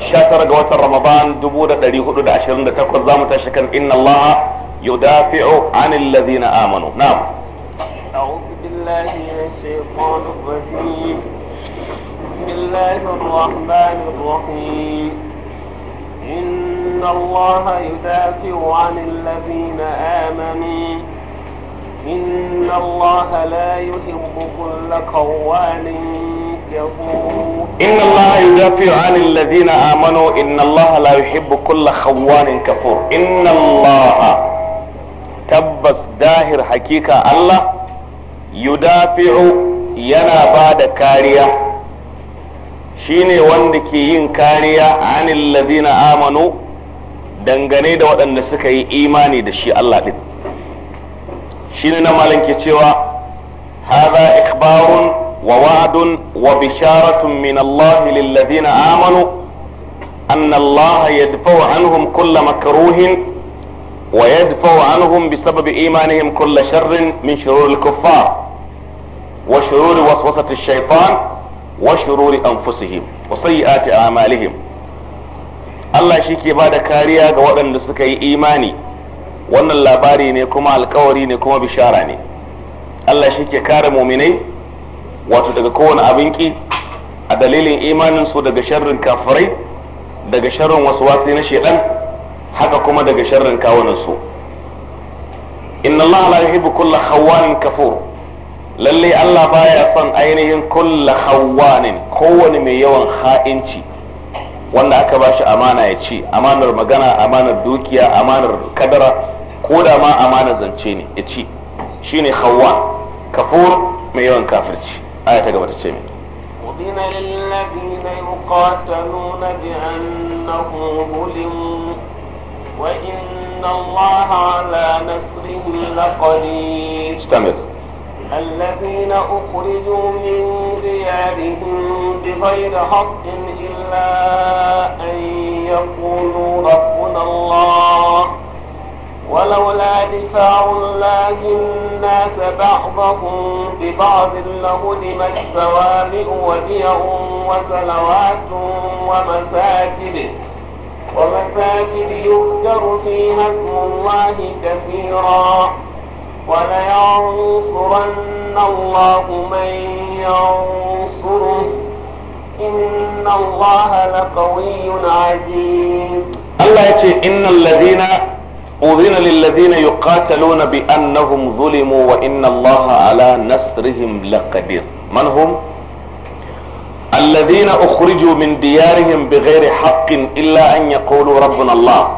19 ga watan Ramadan 1428 zamu tashi kan inna Allah yudafi'u 'anil ladhina amanu na'am a'udhu billahi minash shaitanir rajim bismillahir rahmanir rahim إن الله يدافع عن الذين آمنوا إن الله لا يحب كل قوان إن الله يدافع عن الذين آمنوا إن الله لا يحب كل خوان كفور إن الله تبس داهر حقيقة الله يدافع ينا بعد كارية shine wanda ke yin kariya anil ladina amanu dangane da waɗanda suka yi imani da shi Allah din shine na malam ke cewa hadha ikhbarun ووعد وبشارة من الله للذين آمنوا أن الله يدفع عنهم كل مكروه ويدفع عنهم بسبب إيمانهم كل شر من شرور الكفار وشرور وسوسة الشيطان وشرور أنفسهم وسيئات أعمالهم Allah shi ke ba da kariya ga waɗanda suka yi imani wannan labari ne kuma alkawari ne kuma bishara ne Allah shi ke kare muminai wato daga kowane abin ki a dalilin imanin su daga sharrin kafirai daga sharrin wasu-wasi na shedan haka kuma daga sharrin kawunan su inna allaha la yuhibbu kulla khawanin kafur lalle Allah baya son ainihin kulla khawanin kowane mai yawan ha'inci wanda aka bashi amana ya ci amanar magana amanar dukiya amanar kadara ko da ma amana zance ne ya ci shine khawan kafur mai yawan kafirci آية ta gaba ta للذين يقاتلون بأنهم ظلموا وإن الله على نصره لقدير استمر الذين أخرجوا من ديارهم بغير حق إلا أن يقولوا ربنا الله ولولا دفاع الله الناس بعضهم ببعض لهدمت صوامع وبيع وصلوات ومساجد ومساجد يذكر فيها اسم الله كثيرا ولينصرن الله من ينصره إن الله لقوي عزيز الله يقول إن الذين أذن للذين يقاتلون بأنهم ظلموا وإن الله على نصرهم لقدير من هم الذين أخرجوا من ديارهم بغير حق إلا أن يقولوا ربنا الله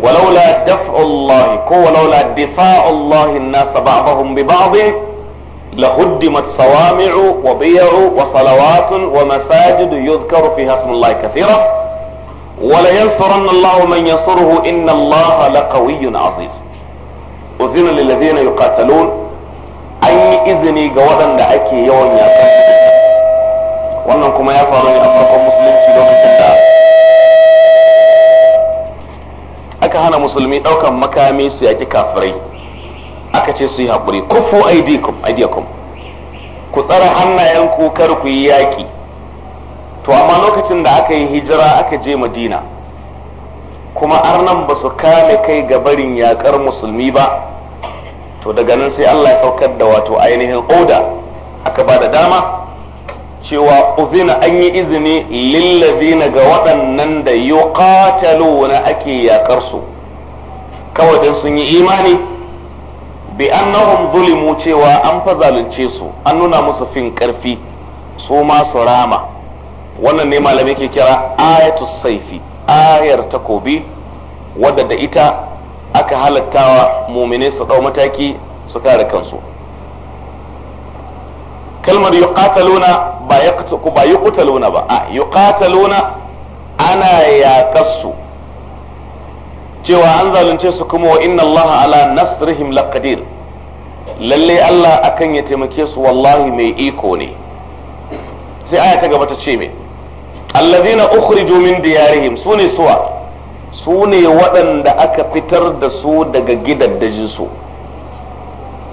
ولولا دفع الله ولولا دفاع الله الناس بعضهم ببعض لهدمت صوامع وبيع وصلوات ومساجد يذكر فيها اسم الله كثيرا wala yansuranna Allahu man yansuruhu inna Allaha laqawiyyun aziz uzina lil ladina yuqatalun an yi izini ga waɗanda ake yawan yakan wannan kuma ya faru ne a farkon musulunci lokacin da aka hana musulmi ɗaukan makami su yaki kafirai aka ce su yi haƙuri kufu aidikum aidikum ku tsara hannayenku kar ku yi yaƙi to amma lokacin da aka yi hijira aka je madina kuma arnan ba su kame kai ga barin yakar musulmi ba to daga nan sai allah ya saukar da wato ainihin oda aka ba da dama cewa uzina an yi izini lillazina ga waɗannan da yuqataluna ake yakar su kawai dan sun yi imani bi annahum zulimu cewa an fa zalunce su an nuna musu fin ƙarfi su ma su rama wannan ne malamai ke kira ayatu saifi ayar takobi wadda da ita aka halattawa mumine su dau mataki su kare kansu kalmar yuqataluna ba yaqtu ba yuqataluna ba a yuqataluna ana yaqassu cewa an zalunce su kuma wa inna Allaha ala nasrihim laqadir lalle Allah akan ya taimake su wallahi mai iko ne sai aya ta gaba ta ce mai allazina ukhriju min diyarihim sune suwa sune waɗanda aka fitar da su daga gidaddajin su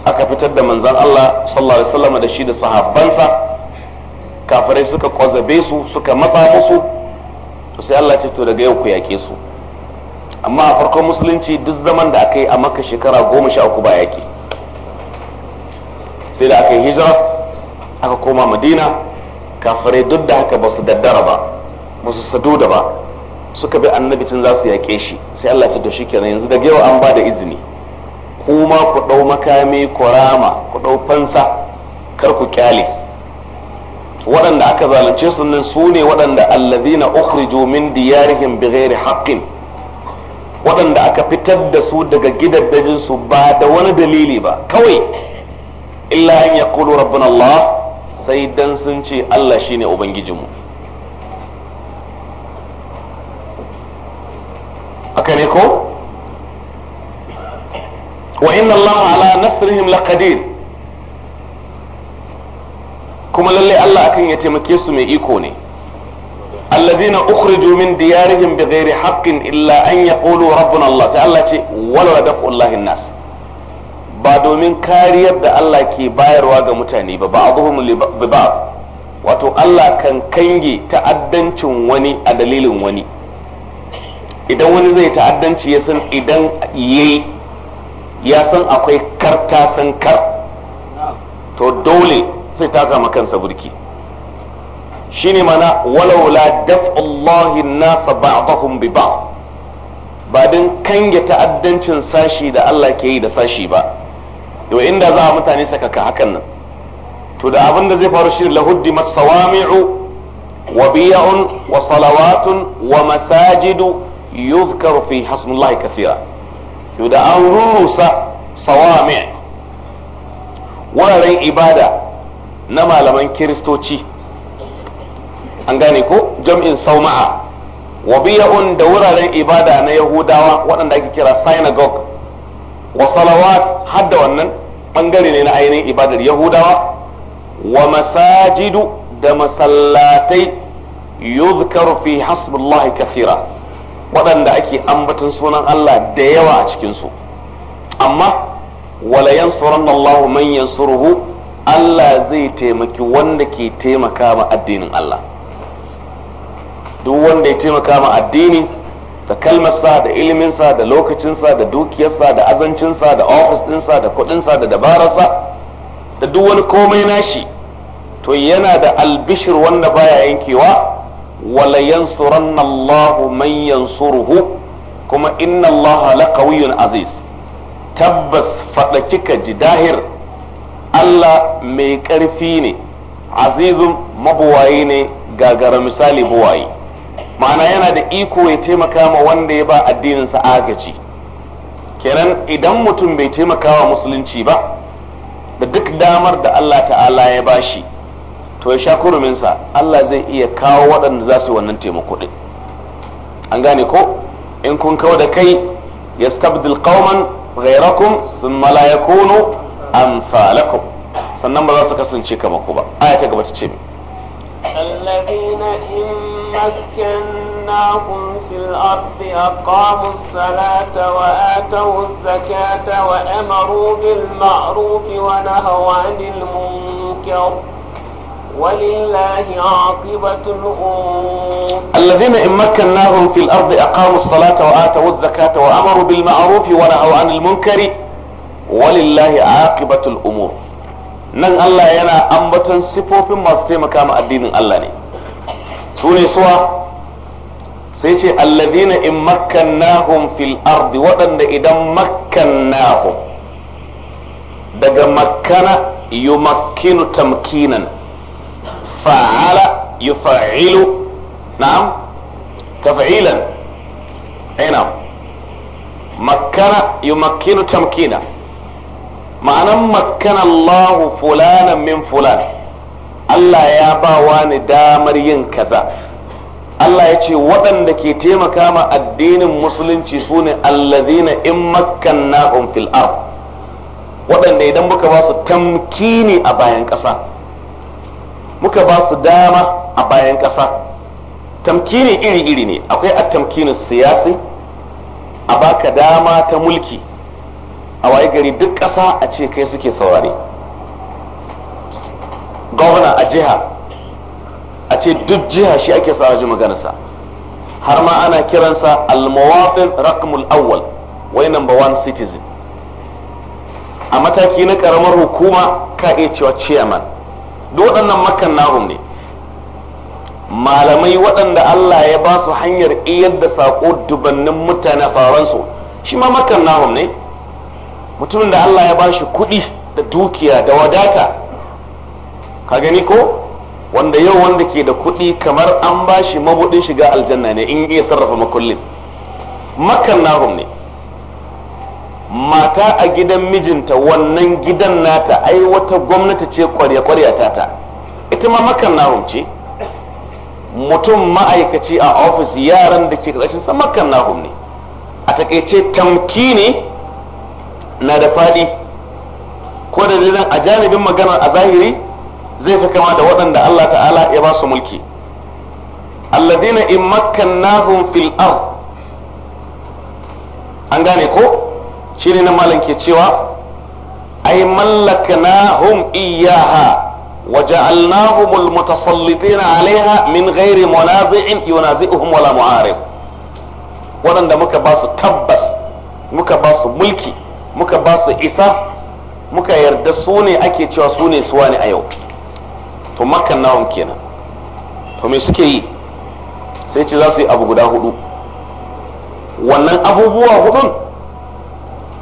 aka fitar da manzan Allah sallallahu alaihi wasallam da shi da sahabbansa kafirai suka kwazabe su suka matsa musu to sai Allah ce to daga yau ku yake su amma a farkon musulunci duk zaman da aka yi a maka shekara goma sha uku ba yaƙi sai da aka yi hijira aka koma madina kafare duk da haka ba su daddara ba musu sadu da ba suka bi annabi tun za su yaƙe shi sai Allah ta doshi kenan yanzu da yau an ba da izini kuma ku ɗau makami ku rama ku ɗau fansa kar ku kyale waɗanda aka zalunce su nan su ne waɗanda allazina ukhriju min diyarihim bighairi haqqin waɗanda aka fitar da su daga gidaddajin su ba da wani dalili ba kawai illa an yaqulu rabbana Allah sai dan sun ce Allah shine ubangijinmu haka ne ko wa inna Allah ala nasrihim laqadir kuma lallai Allah akan ya taimake su mai iko ne الذين أخرجوا من ديارهم بغير حق إلا أن يقولوا ربنا الله سأل ce ولا دفع الله الناس ba domin kariyar da Allah ke bayarwa ga mutane ba ba'dhum li ba'd wato Allah kan kange ta'addancin wani a dalilin wani idan wani zai ta'addanci ya san idan yayi ya san akwai karta san kar to dole sai taka kansa burki shine mana walaula daf'ullahi nasa ba'dahum bi ba'd ba din kange ta'addancin sashi da Allah ke yi da sashi ba to inda za a mutane sakaka hakan nan to da abin da zai faru shi huddi masawami'u wa biya'un wa salawatun wa masajidu yuzkaru fi hasmullahi kathira to da an rusa sawami' wuraren ibada na malaman kiristoci an gane ko jam'in sauma'a wa biya'un da wuraren ibada na yahudawa waɗanda ake kira synagogue wa salawat hadda wannan ɓangare ne na ainihin ibadar yahudawa wa masajidu da masallatai yuzkaru fi hasbullahi kathira waɗanda ake ambatin sunan Allah da yawa a cikinsu amma wala yansuranna Allahu man yansuruhu Allah zai taimaki wanda ke taimaka ma addinin Allah duk wanda ya taimaka ma addini da kalmarsa da iliminsa da lokacinsa da dukiyarsa da azancinsa da ofis ɗinsa da kuɗinsa da dabararsa da duk wani komai nashi to yana da albishir wanda baya yankewa wala yansuranna Allahu man yansuruhu kuma inna Allaha laqawiyyun aziz tabbas fada kika ji dahir Allah mai ƙarfi ne azizun mabuwaye ne gagara misali buwaye ma'ana yana da iko ya taimaka ma wanda ya ba addininsa agaji kenan idan mutum bai taimaka wa musulunci ba da duk damar da Allah ta'ala ya bashi to ya sha kuruminsa Allah zai iya kawo waɗanda za su yi wannan taimako ɗin an gane ko in kun kawo da kai ya stabdil qauman ghayrakum thumma la yakunu amsalakum sannan ba za su kasance kamar ku ba aya ta gaba ta ce الذين إن مكناهم في الأرض أقاموا الصلاة وآتوا الزكاة وأمروا بالمعروف ونهوا عن المنكر ولله عاقبة الأمور الذين إن مكناهم في الأرض أقاموا الصلاة وآتوا الزكاة وأمروا بالمعروف ونهوا عن المنكر ولله عاقبة الأمور nan Allah yana ambaton sifofin masu taimaka ma addinin Allah ne su ne suwa sai ce alladina in makkannahum fil ardi waɗanda idan makkannahum daga makkana yumakkinu tamkinan fa'ala yufa'ilu na'am tafa'ilan ina makkana yumakkinu tamkina ma'anan makkan Allah fulanan min fulan Allah ya ba wani damar yin kaza Allah ya ce waɗanda ke taimaka ma addinin musulunci su ne allazina in makkannahum fil ard waɗanda idan muka ba su tamkini a bayan ƙasa muka ba su dama a bayan ƙasa tamkini iri-iri ne akwai a tamkinin siyasi a baka dama ta mulki a waye gari duk ƙasa a ce kai suke saurare gwamna a jiha a ce duk jiha shi ake sauraji maganarsa har ma ana kiransa almawafin rakmul awwal wai number one citizen a mataki na karamar hukuma ka iya cewa chairman duk waɗannan makan nahum ne malamai waɗanda Allah ya ba su hanyar iyar da sako dubannin mutane a sauransu shi ma makan nahum ne mutumin da Allah ya bashi kuɗi da dukiya da wadata ka gani ko wanda yau wanda ke da kuɗi kamar an bashi mabudin shiga aljanna ne in iya sarrafa makullin makan nahum ne mata a gidan mijinta wannan gidan nata ai wata gwamnati ce kwarya-kwarya tata ita ma makan nahum ce mutum ma'aikaci a ofis yaran da ke ƙarshen sa makan nahum ne a takaice tamki ne na da faɗi ko da dalilin a janibin maganar a zahiri zai fi kama da waɗanda Allah ta'ala ya ba su mulki alladina in makkannahum fil ard an gane ko shine na malam ke cewa ay mallaknahum iyyaha وجعلناهم المتسلطين 'alayha min ghairi munazi'in yunazi'uhum wala mu'arib waɗanda muka ba su tabbas muka ba su mulki muka ba su isa muka yarda su ne ake cewa su ne suwa ne a yau to makan nawon kenan to me suke yi sai ce za su yi abu guda hudu wannan abubuwa hudun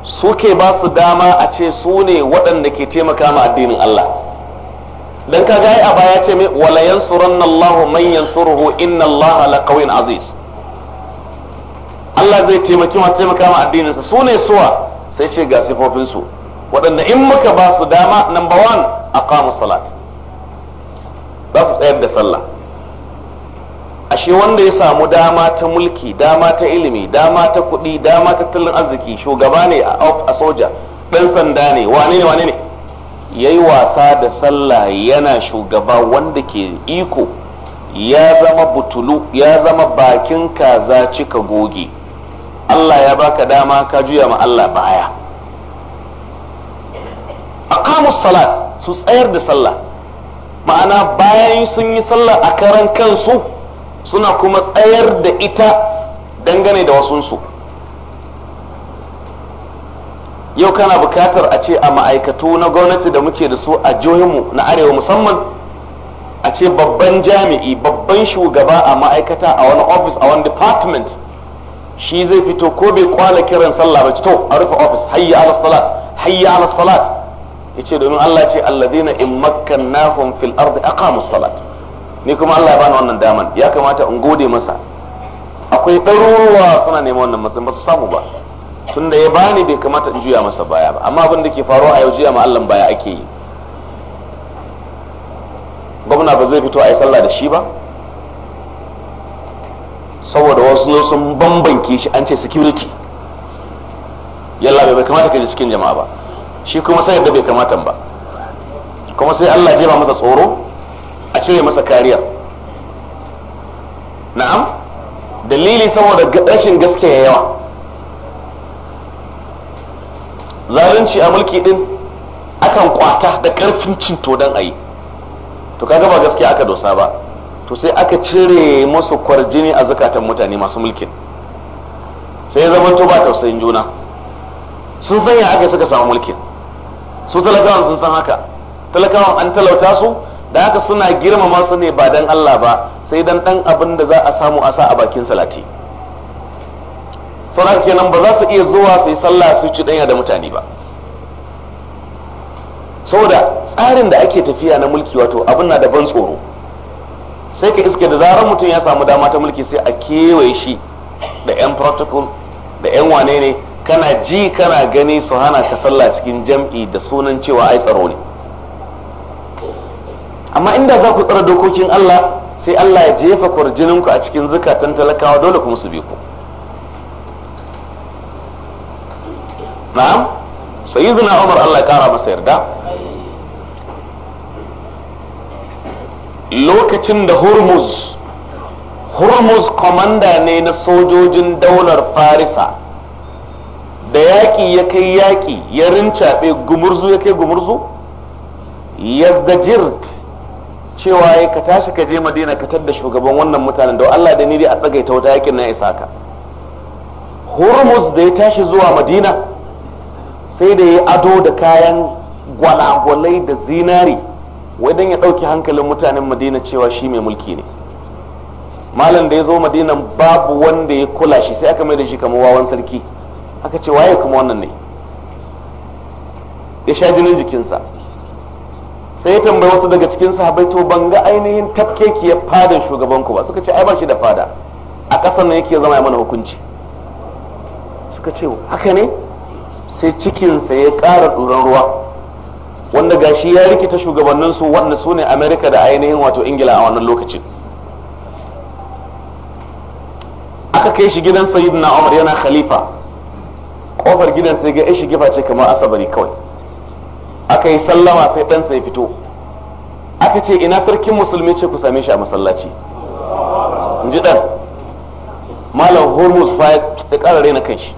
suke ba su dama a ce su ne waɗanda ke taimaka ma addinin Allah dan ka gaya a baya ce mai wala yansuranna Lahu man yansuruhu inna Allah laqawiyyun aziz Allah zai taimaki masu taimaka ma addinin sa su ne suwa sai ce ga sifofinsu waɗanda in muka ba su dama number one a kamun salat za su tsayar da sallah ashe wanda ya samu dama ta mulki dama ta ilimi dama ta kuɗi dama tattalin arziki shugaba ne a soja ɗan sanda ne wane ne wane ne ya yi wasa da sallah yana shugaba wanda ke iko ya zama butulu ya zama bakin kaza cika goge Allah ya baka dama ka juya ma Allah baya aqamus salat su tsayar da sallah ma'ana bayan sun yi sallah a karan kansu suna kuma tsayar da ita dangane da wasunsu yau kana bukatar a ce a ma'aikatu na gwamnati da muke da su a jihohinmu na arewa musamman a ce babban jami'i babban shugaba a ma'aikata a wani office a wani department shi zai fito ko bai kwana kiran sallah ba to a rufe office hayya ala salat hayya ala salat yace domin Allah ce daina in makkannahum fil ardi aqamu salat ni kuma Allah ya bani wannan daman ya kamata in gode masa akwai ɗaruruwa suna neman wannan matsayin ba su samu ba tunda ya bani bai kamata in juya masa baya ba amma abin da ke faruwa a yau juya ma Allah baya ake yi gwamna ba zai fito a yi sallah da shi ba saboda wasu sun bambanke shi an ce security yalla bai kamata ka je cikin jama'a ba shi kuma sai da bai kamata ba kuma sai Allah jeba masa tsoro a cire masa kariya na'am dalili saboda rashin gaskiya yawa zalunci a mulki din akan kwata da karfin cinto don a yi to kaga ba gaskiya aka dosa ba to sai aka cire musu kwarjini a zakatan mutane masu mulkin sai ya zama to ba tausayin juna sun san ya aka suka samu mulkin su talakawan sun san haka talakawan an talauta su da haka suna girmama su ne ba dan Allah ba sai dan dan abin da za a samu a sa a bakin salati sauran kenan ba za su iya zuwa su yi sallah su ci danya da mutane ba saboda tsarin da ake tafiya na mulki wato abin na da ban tsoro sai ka iske da zarar mutum ya samu dama ta mulki sai a kewaye shi da 'yan protocol da 'yan wane ne kana ji kana gani su hana ka sallah cikin jam'i da sunan cewa ai tsaro ne amma inda za ku tsara dokokin Allah sai Allah ya jefa kwarjininku a cikin zukatan talakawa dole kuma su bi ku na'am sayyidina Umar Allah ya kara masa yarda lokacin da hormuz hormuz kwamanda ne na sojojin daular farisa da yaƙi ya kai yaƙi ya rincaɓe gumurzu ya kai gumurzu ya jirt cewa ya ka tashi ka je madina ka tadda shugaban wannan mutanen da Allah da ni dai a tsagaita wata yakin na isa ka hormuz da ya tashi zuwa madina sai da ya ado da kayan gwalagwalai da zinari wai dan ya ɗauki hankalin mutanen madina cewa shi mai mulki ne malam da ya zo madinan babu wanda ya kula shi sai aka mai da shi kamar wawan sarki aka ce waye kuma wannan ne ya sha jinin jikinsa sai ya tambayi wasu daga cikin sahabbai to ban ga ainihin ya fadan shugaban ku ba suka ce ai ba shi da fada a ƙasar nan yake zama ya mana hukunci suka ce haka ne sai cikinsa ya ƙara ɗoron ruwa wanda gashi ya rikita shugabanninsu wanda su ne amerika da ainihin wato ingila a wannan lokacin aka kai shi gidan sayyidina umar yana khalifa kofar gidan sai ga ishi gifa ce kamar asabari kawai aka yi sallama sai dan sai fito aka ce ina sarkin musulmi ce ku same shi a masallaci in ji ɗan malam hormuz fa ya ƙara na kan shi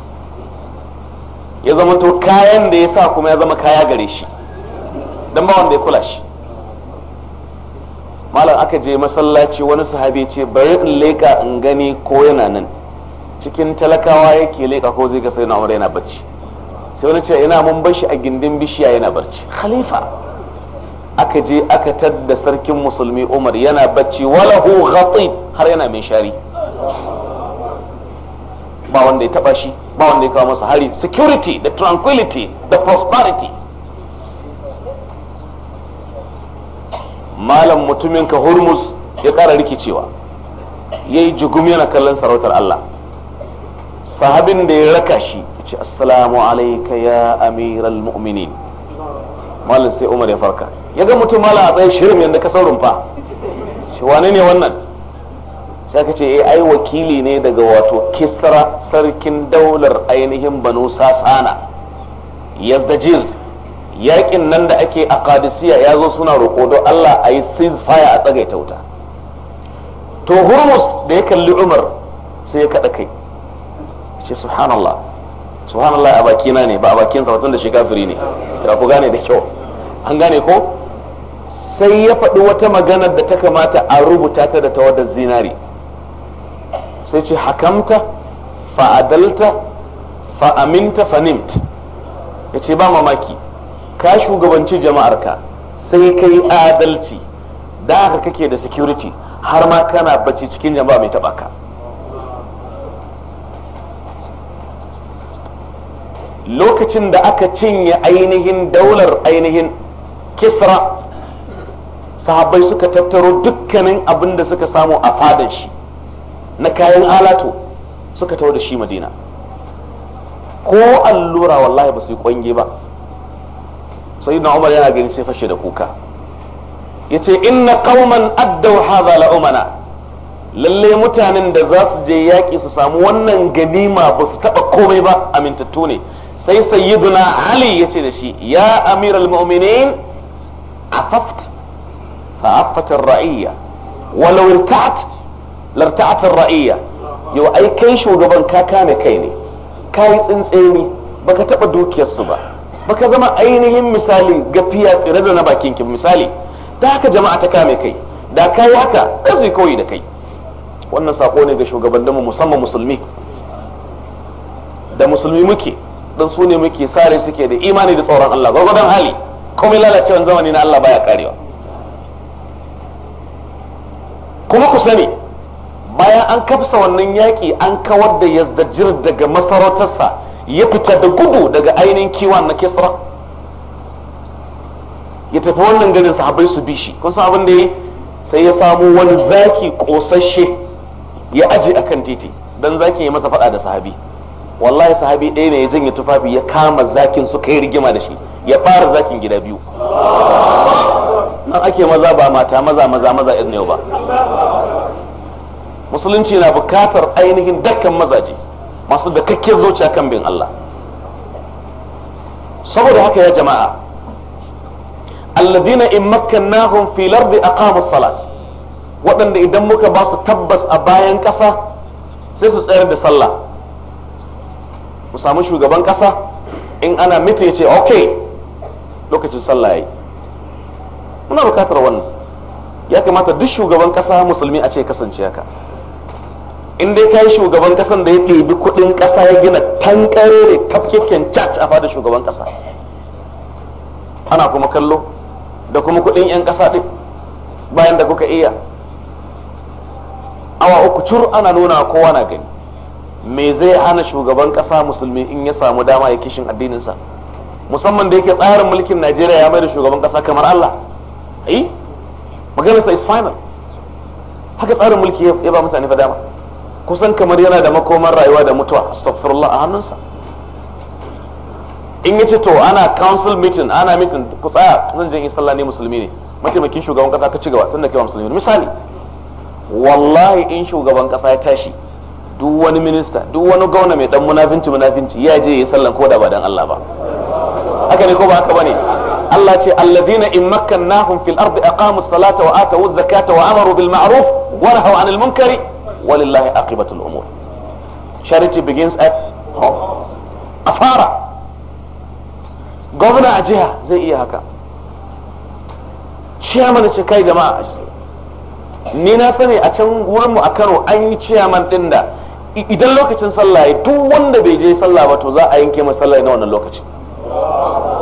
ya zama to kayan da ya sa kuma ya zama kaya gare shi dan ba wanda ya kula shi malam aka je masallaci wani sahabi ce bari in leka in gani ko yana nan cikin talakawa yake leka ko zai ga sai na yana barci sai wani ce ina mun bar shi a gindin bishiya yana barci khalifa aka je aka tadda sarkin musulmi umar yana bacci walahu ghatib har yana mai shari ba wanda ya taba shi ba wanda ya kawo masa hari security da tranquility da prosperity malam mutumin ka hurmus ya ƙara rikicewa ya yi jugum yana kallon sarautar Allah sahabin da ya raka shi ce assalamu alaika ya amiral mu'minin malam sai umar ya farka ya ga mutum malam a tsaye shirin yadda ka saurin fa shi wane ne wannan sai ka ce eh, ai wakili ne daga wato kisra sarkin daular ainihin banu sasana yazdajir yakin nan da ake a kadisiya ya zo suna roƙo don Allah a yi ceasefire a ta wuta to hurmus da ya kalli umar sai ya kaɗa kai ce subhanallah subhanallah a bakina ne ba a bakinsa watan da shi kafiri ne ya ku gane da kyau an gane ko sai ya faɗi wata magana da ta kamata a rubuta ta da wadda zinari sai ce hakamta fa'adalta fa'aminta fanimt ya ce ba mamaki ka shugabanci jama'arka sai kai adalci da haka kake da security har ma kana bacci cikin jama'a mai taba ka lokacin da aka cinye ainihin daular ainihin kisra sahabbai suka tattaro dukkanin abin da suka samu a fadan shi na kayan alato suka tawo da shi madina ko allura wallahi ba su yi kwange ba sai na umar yana gani sai fashe da kuka ya ce inna kauman addau haza la'umana lalle mutanen da za su je yaƙi su samu wannan ganima ba su taɓa komai ba amintattu ne sai sayyiduna ali ya ce da shi ya amir al-mu'minin afaft fa'afatar ra'iyya walau irta'at lartatar ra'iyya yau ai kai shugaban ka kame kai ne ka yi tsintsini baka taɓa dukiyarsu ba baka zama ainihin misali gafiya tsire da na bakin ki misali da haka jama'a ta kame kai da kai haka ka su koyi da kai wannan sako ne ga shugabanninmu musamman musulmi da musulmi muke dan su ne muke sare suke da imani da tsoron Allah gwargwadon hali komai lalacewan zamani na Allah baya karewa kuma ku sani bayan an kafsa wannan yaki an kawar da yazdajir daga masarautarsa ya fita da gudu daga ainihin kiwon na kisra ya tafi wannan ganin sahabai su bi shi kun san abin da ya sai ya samu wani zaki kosashe ya a kan titi dan zaki ya masa fada da sahabi wallahi sahabi ɗaya ne ya janye tufafi ya kama zakin suka yi rigima da shi ya fara zakin gida biyu nan ake maza ba mata maza maza maza irin yau ba musulunci na bukatar ainihin dakkan mazaje masu da kakkiyar zuciya kan bin Allah saboda haka ya jama'a alladina in makkannahum filar lardi aqamu salat waɗanda idan muka ba su tabbas a bayan ƙasa sai su tsayar da sallah mu samu shugaban ƙasa in ana miti ya ce ok lokacin sallah yayi muna bukatar wannan ya kamata duk shugaban ƙasa musulmi a ce kasance haka in dai kai shugaban kasan da ya ɗebi kuɗin ƙasa ya gina tankare da tafkeken church a fadar shugaban ƙasa ana kuma kallo da kuma kuɗin 'yan ƙasa ɗin bayan da kuka iya awa uku cur ana nuna kowa na gani me zai hana shugaban ƙasa musulmi in ya samu dama ya kishin addininsa musamman da yake tsarin mulkin najeriya ya mai da shugaban ƙasa kamar allah eh maganarsa is final haka tsarin mulki ya ba mutane fa dama kusan kamar yana da makoman rayuwa da mutuwa astaghfirullah a hannunsa in yace to ana council meeting ana meeting ku tsaya zan je in sallah ne musulmi ne mataimakin shugaban kasa ka ci gaba tunda kai ba musulmi ne misali wallahi in shugaban kasa ya tashi duk wani minista duk wani gwamna mai dan munafinci munafinci ya je yi sallan da ba dan Allah ba haka ne ko ba haka bane Allah ce alladhina in makkannahum fil ardi aqamu as-salata wa atu az-zakata wa amaru bil ma'ruf wa nahaw 'anil munkari walillahi aqibatul umur charity begins at home a fara gwamna a jiha zai iya haka ciyaman ce kai jama'a a ni na sani a can mu a kano an yi chairman din da idan lokacin sallah ya duk wanda bai je sallah ba to za a yanke masa sallah na wannan lokaci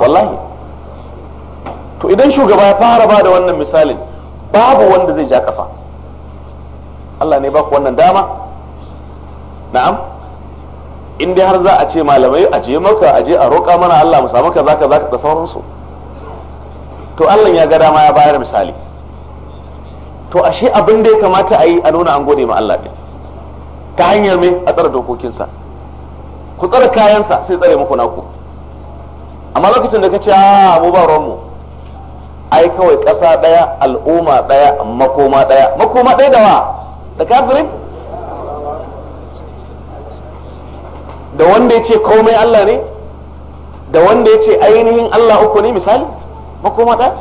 wallahi to idan shugaba ya fara ba da wannan misalin babu wanda zai ja kafa Allah ne ba wannan dama na'am in dai har za a ce malamai a je maka a je a roƙa mana Allah mu samu kaza kaza da sauransu to Allah ya ga dama ya bayar misali to ashe abin da ya kamata a yi a nuna an gode ma Allah ne. ta hanyar me a tsara dokokinsa ku tsara kayansa sai tsare muku naku amma lokacin da ka ce a ah, mu ba mu ai kawai ƙasa ɗaya al'umma ɗaya makoma ɗaya makoma ɗaya da wa da da wanda ya ce komai Allah ne da wanda ya ce ainihin Allah uku ne misali makoma ta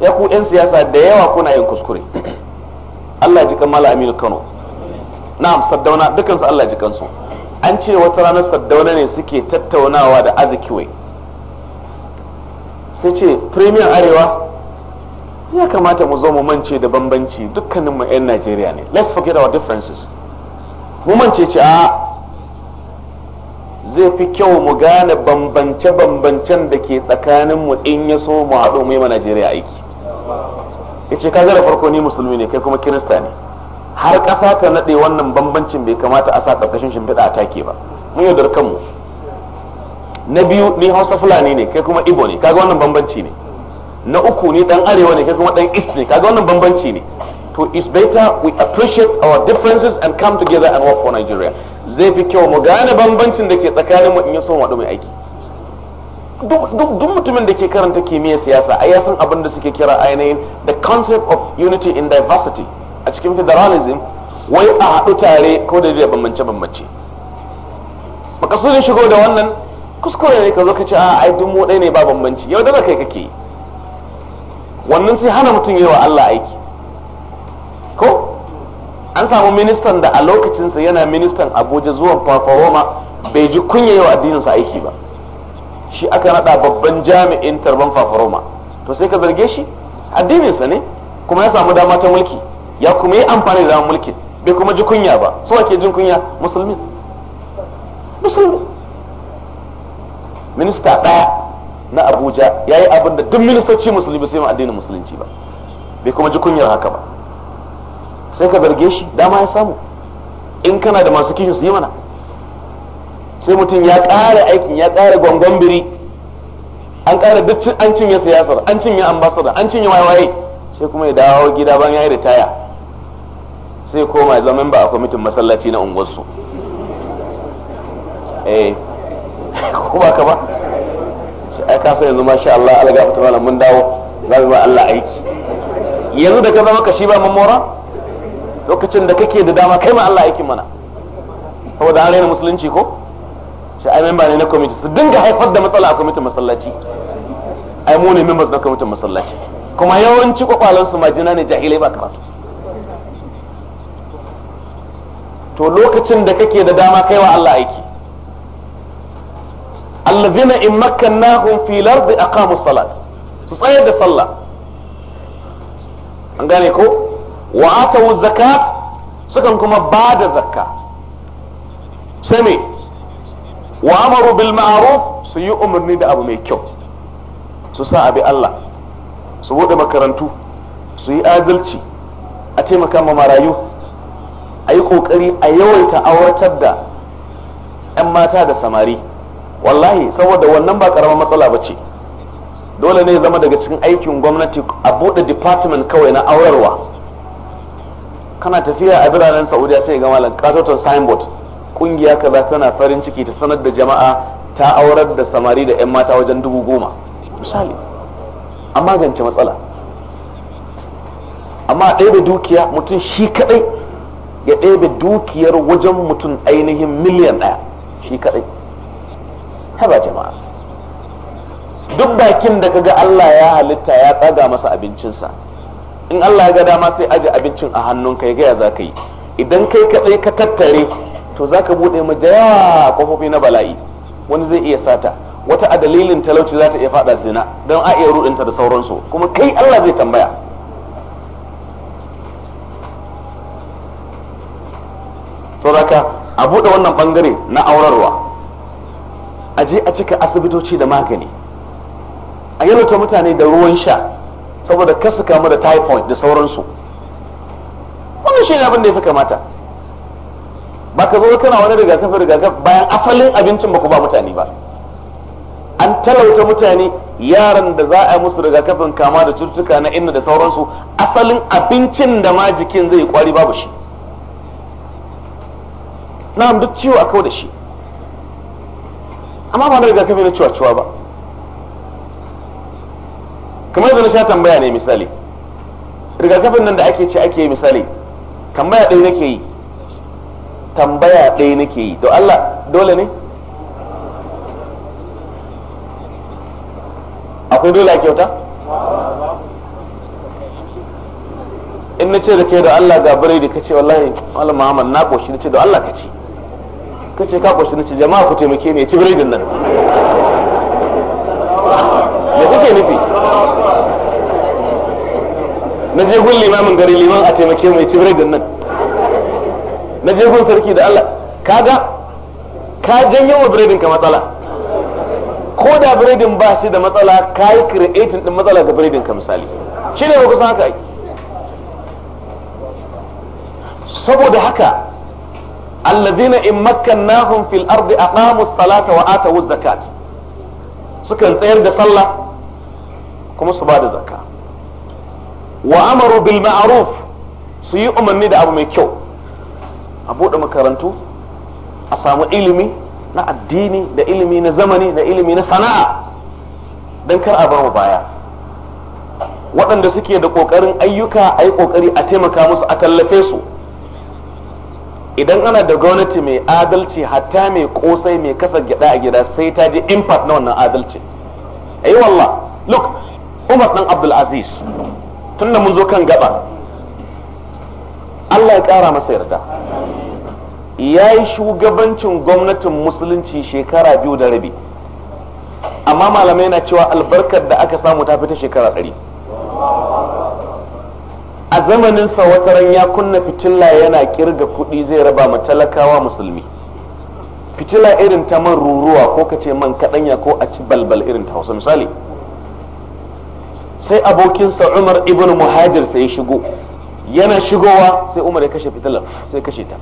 ya ku 'yan siyasa da yawa kuna yin kuskure Allah ji kan mala aminu kano na'am saddauna dukansu Allah ji kansu an ce wata ranar saddauna ne suke tattaunawa da azikiwai, sai ce premier arewa ya kamata mu zo mu mance da bambanci dukkanin mu 'yan Najeriya ne let's forget our differences mu mance ce a zai fi kyau mu gane bambance-bambancen da ke tsakanin mu in ya so mu haɗu mu yi ma Najeriya aiki yace ka da farko ni musulmi ne kai kuma kirista ne har ƙasa ta naɗe wannan bambancin bai kamata a sa ƙarƙashin shimfiɗa a take ba mun yaudar kanmu na biyu ni hausa fulani ne kai kuma ibo ne kaga wannan bambanci ne na uku ne dan arewa ne kai kuma dan east ne kaga wannan bambanci ne to is better we appreciate our differences and come together and work for Nigeria zai fi kyau mu gane bambancin da ke tsakanin mu in yaso mu mai aiki duk mutumin da ke karanta kimiyyar siyasa ya san abin da suke kira ainihin the concept of unity in diversity a cikin federalism wai a haɗu tare ko da biya bambance-bambance makasudin shigo da wannan kuskure ne ka zo ka ce a ai duk mu ɗaya ne ba bambanci yau da kai kake yi wannan sai hana mutum yi wa Allah aiki ko an samu ministan da a lokacinsa yana ministan abuja zuwa fafaroma bai ji kunya yi wa addininsa aiki ba shi aka nada babban jami'in tarban farfaroma, to sai ka zarge shi addininsa ne kuma ya samu dama ta mulki ya kuma yi amfani da damar mulkin bai kuma ji kunya ba su ake jin kunya musulmi musulmi minista ɗaya na abuja ya yi abin da duk ministoci musulmi sai ma addinin musulunci ba bai kuma ji kunyar haka ba sai ka zarge shi dama ya samu in kana da masu kishin su yi mana sai mutum ya ƙara aikin ya ƙara gwangon biri an ƙara duk an cinye siyasar an cinye ambasada an cinye waye sai kuma ya dawo gida bayan ya yi ritaya sai koma ya zama ba a kwamitin masallaci na unguwarsu eh ko ba ka ba ai ka san yanzu masha Allah Allah gafarta malam mun dawo za mu ba Allah aiki yanzu da ka zama ka shi ba mora lokacin da kake da dama kai ma Allah aikin mana saboda an raina musulunci ko shi ai memba ne na committee su dinga haifar da matsala a committee masallaci ai mu ne members na committee masallaci kuma yawanci kwakwalansu majina ne jahilai ba karatu to lokacin da kake da dama kai wa Allah aiki allazina in makkannahum fil ardi aqamu salat su tsayar da sallah an gane ko wa atawu zakat sukan kuma ba da zakka sai me wa bil ma'ruf su yi umarni da abu mai kyau su sa abi Allah su bude makarantu su yi adalci a taimaka ma marayu a yi kokari a yawaita auratar da 'yan mata da samari wallahi saboda wannan ba karamar matsala ba ce dole ne zama daga cikin aikin gwamnati a buɗe department kawai na aurarwa kana tafiya a biranen saudiya sai ga malam katoton signboard kungiya kaza tana farin ciki ta sanar da jama'a ta aurar da samari da 'yan mata wajen dubu goma misali a magance matsala amma ɗaya da dukiya mutum shi kaɗai ya ɗebe dukiyar wajen mutum ainihin miliyan ɗaya shi kaɗai haba jama'a duk bakin da kaga Allah ya halitta ya tsaga masa abincinsa in Allah ya ga dama sai aje abincin a hannunka ya gaya za ka yi idan kai kaɗai ka tattare to za ka buɗe mu da yawa kofofi na bala'i wani zai iya sata wata a dalilin talauci za ta iya faɗa zina don a iya rudinta da sauransu kuma kai Allah zai tambaya sauraka a buɗe wannan bangare na aurarwa a je a cika asibitoci da magani a yalwata mutane da ruwan sha saboda kasu kamu da typhoid da sauransu wannan shi ne abin da ya fi kamata ba ka zo kana wani rigakafi rigakafi bayan asalin abincin ba ku ba mutane ba an talauta mutane yaran da za a yi musu rigakafin kama da cututtuka na inna da sauransu asalin abincin da ma jikin zai kwari babu shi na duk ciwo a kawo da shi amma ba na rigakafi na ciwa-ciwa ba kamar yadda na sha tambaya ne misali rigakafin nan da ake ce ake yi misali tambaya ɗaya nake yi tambaya ɗaya nake yi to Allah dole ne akwai dole a kyauta in na ce da kai da Allah ga biredi ka ce wallahi Allah Muhammad na koshi na ce da Allah ka ce. kace ka koshi nace jama'a ku taimake ni ci biredin nan me kake nufi na je gun limamin gari liman a taimake mu ci biredin nan na je gun sarki da Allah kaga ka janyo wa biredin ka matsala ko da biredin ba shi da matsala ka yi creating din matsala ga biredin ka misali shine ba kusan haka saboda haka alladhina in makkannahum fil ardi aqamu salata wa atawu zakat sukan tsayar da sallah kuma su bada zakka wa amaru bil ma'ruf su yi umarni da abu mai kyau a buɗe makarantu a samu ilimi na addini da ilimi na zamani da ilimi na sana'a don kar a ba mu baya waɗanda suke da ƙoƙarin ayyuka a yi ƙoƙari a taimaka musu a tallafe su idan ana da gwamnati mai adalci hatta mai kosai mai kasa gyaɗa a gida sai ta ji impact na wannan adalci yi eh, wallah look Umar dan Abdul Aziz tunda mun zo kan gaba Allah ya kara masa yarda ya yi shugabancin gwamnatin musulunci shekara biyu da rabi amma malamai na cewa albarkar da aka samu ta fita shekara ɗari a zamanin sa wata ran ya kunna fitila yana kirga kuɗi zai raba ma talakawa musulmi fitila irin ta man ruruwa ko ka ce man kaɗanya ko a ci balbal irin ta wasu misali sai abokinsa umar ibn muhajir sai ya shigo yana shigowa sai umar ya kashe fitilar sai kashe ta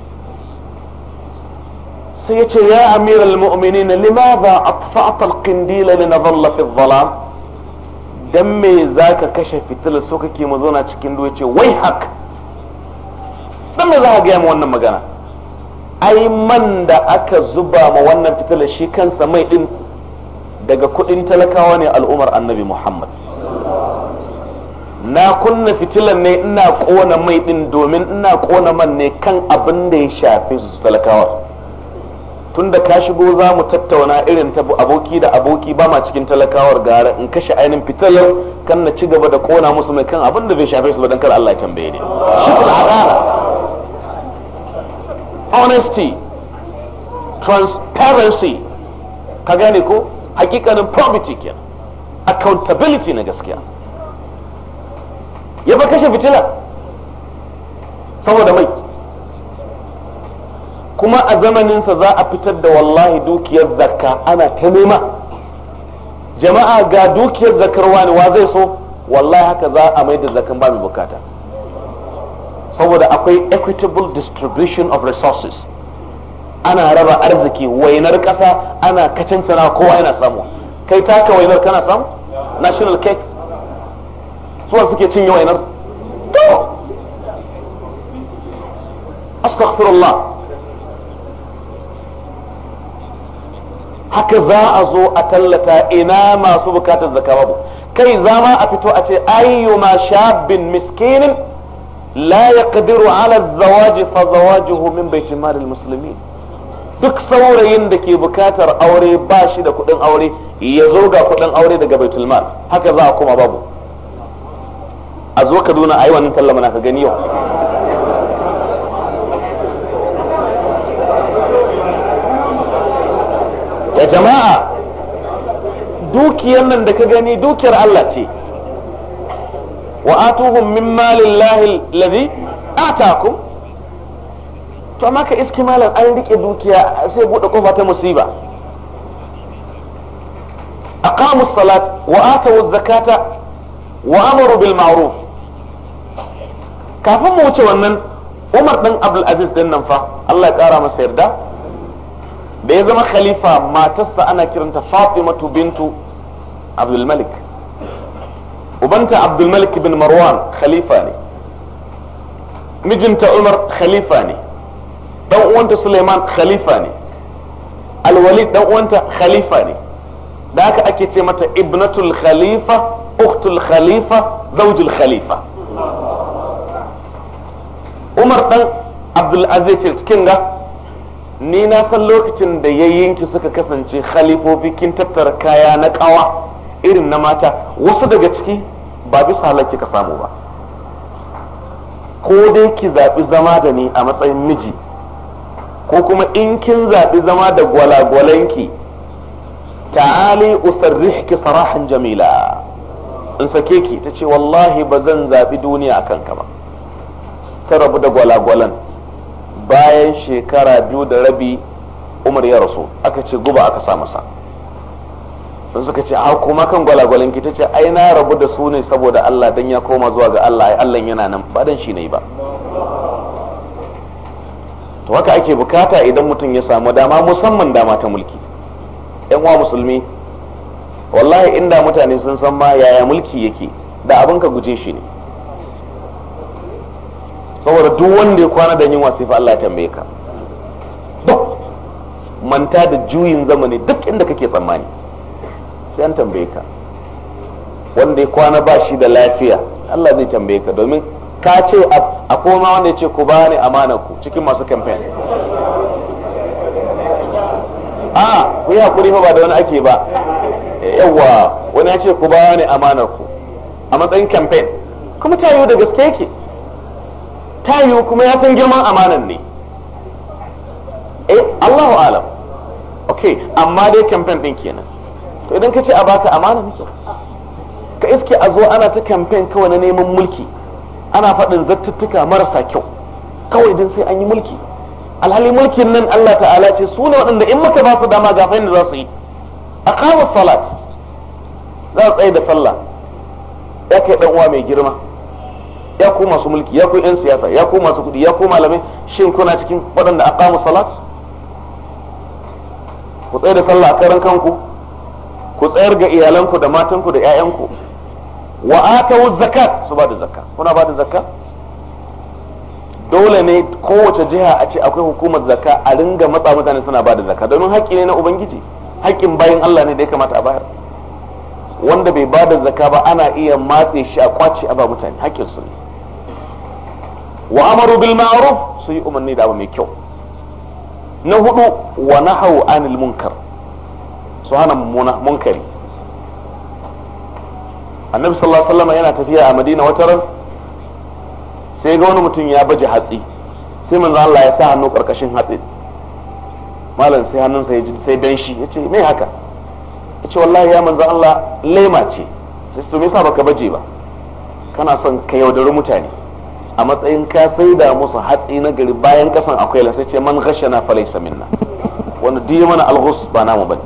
sai ya ce ya amir al-mu'minin limadha atfa'ta al-qindila linadhalla fi adh-dhalam dan me za ka kashe fitilar so kake mu zauna cikin duwa ce wai hak dan me za ka gaya ma wannan magana ai man da aka zuba ma wannan fitilar shi kansa mai din daga kudin talakawa ne al'umar annabi muhammad na kunna fitilan ne ina kona mai din domin ina kona man ne kan abin da ya shafi su talakawa tunda ka shigo za mu tattauna irin ta aboki da aboki ba ma cikin talakawar gara in kashe ainihin fitar yau kan na ci gaba da kona musu mai kan abin da bai shafe su ba kar Allah ya tambaye ne honesty transparency ka gane ko hakikanin probity kenan accountability na gaskiya ya ba kashe fitila saboda mai kuma a zamaninsa za a fitar da wallahi dukiyar zakka ana ta nema jama'a ga dukiyar zakar wani wa zai so wallahi haka za a mai da zakan ba mai bukata saboda akwai equitable distribution of resources ana raba arziki wainar ƙasa ana kacantana kowa yana samu kai taka wainar kana samu national cake suwa suke cinye wainar to astaghfirullah haka za a zo a tallata ina masu bukatar zaka babu kai za ma a fito a ce ayyuma shabbin miskinin la yaqdiru ala zawaji fa zawajuhu min baiti malil muslimin duk saurayin da ke bukatar aure ba shi da kuɗin aure ya zo ga kuɗin aure daga baitul mal haka za a kuma babu a zo kaduna ayi wannan talla muna ka gani yau jama'a dukiyar nan da ka gani dukiyar Allah ce wa atuhum min malin lahil ladhi atakum to amma ka iski malam an rike dukiya sai bude kofa ta musiba aqamu salat wa atu zakata wa amaru bil ma'ruf kafin mu wuce wannan Umar dan Abdul Aziz din nan fa Allah ya kara masa yarda da ya zama khalifa matarsa ana kiranta fatimatu bintu abdul malik ubanta abdul malik bin marwan khalifa ne mijinta umar khalifa ne dan uwanta suleiman khalifa ne Al-Walid dan uwanta khalifa ne da haka ake ce mata ibnatul khalifa uktul khalifa Zawjul khalifa umar dan abdul aziz cikin ga ni na san lokacin da ya yayyinki suka kasance khalifofi kin tattara kaya na kawa irin na mata wasu daga ciki ba bisa halarki ka samu ba ko dai ki zaɓi zama da ni a matsayin miji ko kuma in kin zaɓi zama da gwalagwalanki ta'ali usarrihki sarahan jamila in sake ki ta ce wallahi ba zan zaɓi duniya a kanka ba ta rabu da gwalagwalan bayan shekara biyu da rabi umar ya rasu aka ce guba aka sa masa sun suka ce a ah, kuma kan gwalagwalin ki ce ai na rabu da su ne saboda Allah dan ya koma zuwa ga Allah ai Allah yana nan ba dan shi ne ba to haka ake bukata idan mutum ya samu dama musamman dama ta mulki yan uwa musulmi wallahi inda mutane sun san ma yaya mulki yake da abin ka guje shi ne saboda duk wanda ya kwana da yin wasi fa Allah ya tambaye ka duk manta da juyin zamani duk inda kake tsammani sai an tambaye ka wanda ya kwana ba shi da lafiya Allah zai tambaye ka domin ka ce a koma wanda ya ce ku ba ni amana ku cikin masu campaign a ku yi hakuri fa ba da wani ake ba eh, yawa wani ya ce ku ba ni amana ku a matsayin campaign kuma ta yi da gaske yake ta yiwu kuma ya san girman amanan ne eh Allahu alam okay amma dai campaign din kenan to idan ka ce a baka amana ne ka iske a zo ana ta campaign kawai na neman mulki ana faɗin zattuttuka marasa kyau kawai don sai an yi mulki alhali mulkin nan Allah ta'ala ce su ne waɗanda in muka ba su dama gafain da za su yi a kawo salat za su tsaye da sallah ya kai ɗan uwa mai girma ya ku masu mulki ya ku yan siyasa ya ku masu kudi ya ku malamai shin kuna cikin waɗanda aqamu salat ku tsaya da sallah a karan kanku ku tsayar ga iyalanku da matanku da ƴaƴanku wa atawu zakat su ba da zakka kuna ba da zakka dole ne kowace jiha a ce akwai hukumar zakka a ringa matsa mutane suna ba da zakka domin haƙƙi ne na ubangiji haƙƙin bayan Allah ne da ya kamata a bayar wanda bai ba da zakka ba ana iya matse shi a kwace a ba mutane su ne wa amaru bil ma'ruf sai yi umarni da abu mai kyau na hudu wa nahau anil munkar su hana mummuna munkari annabi sallallahu alaihi wasallam yana tafiya a madina wata ran sai ga wani mutum ya baje hatsi sai manzo Allah ya sa hannu karkashin hatsi malam sai hannunsa ya ji sai shi yace me haka yace wallahi ya manzo Allah laima ce sai to me yasa baka baje ba kana son ka yaudari mutane a matsayin ka sai da musu hatsi na gari bayan kasan akwai la sai ce man falai samin na wanda duk mana alhus ba namu ba ne.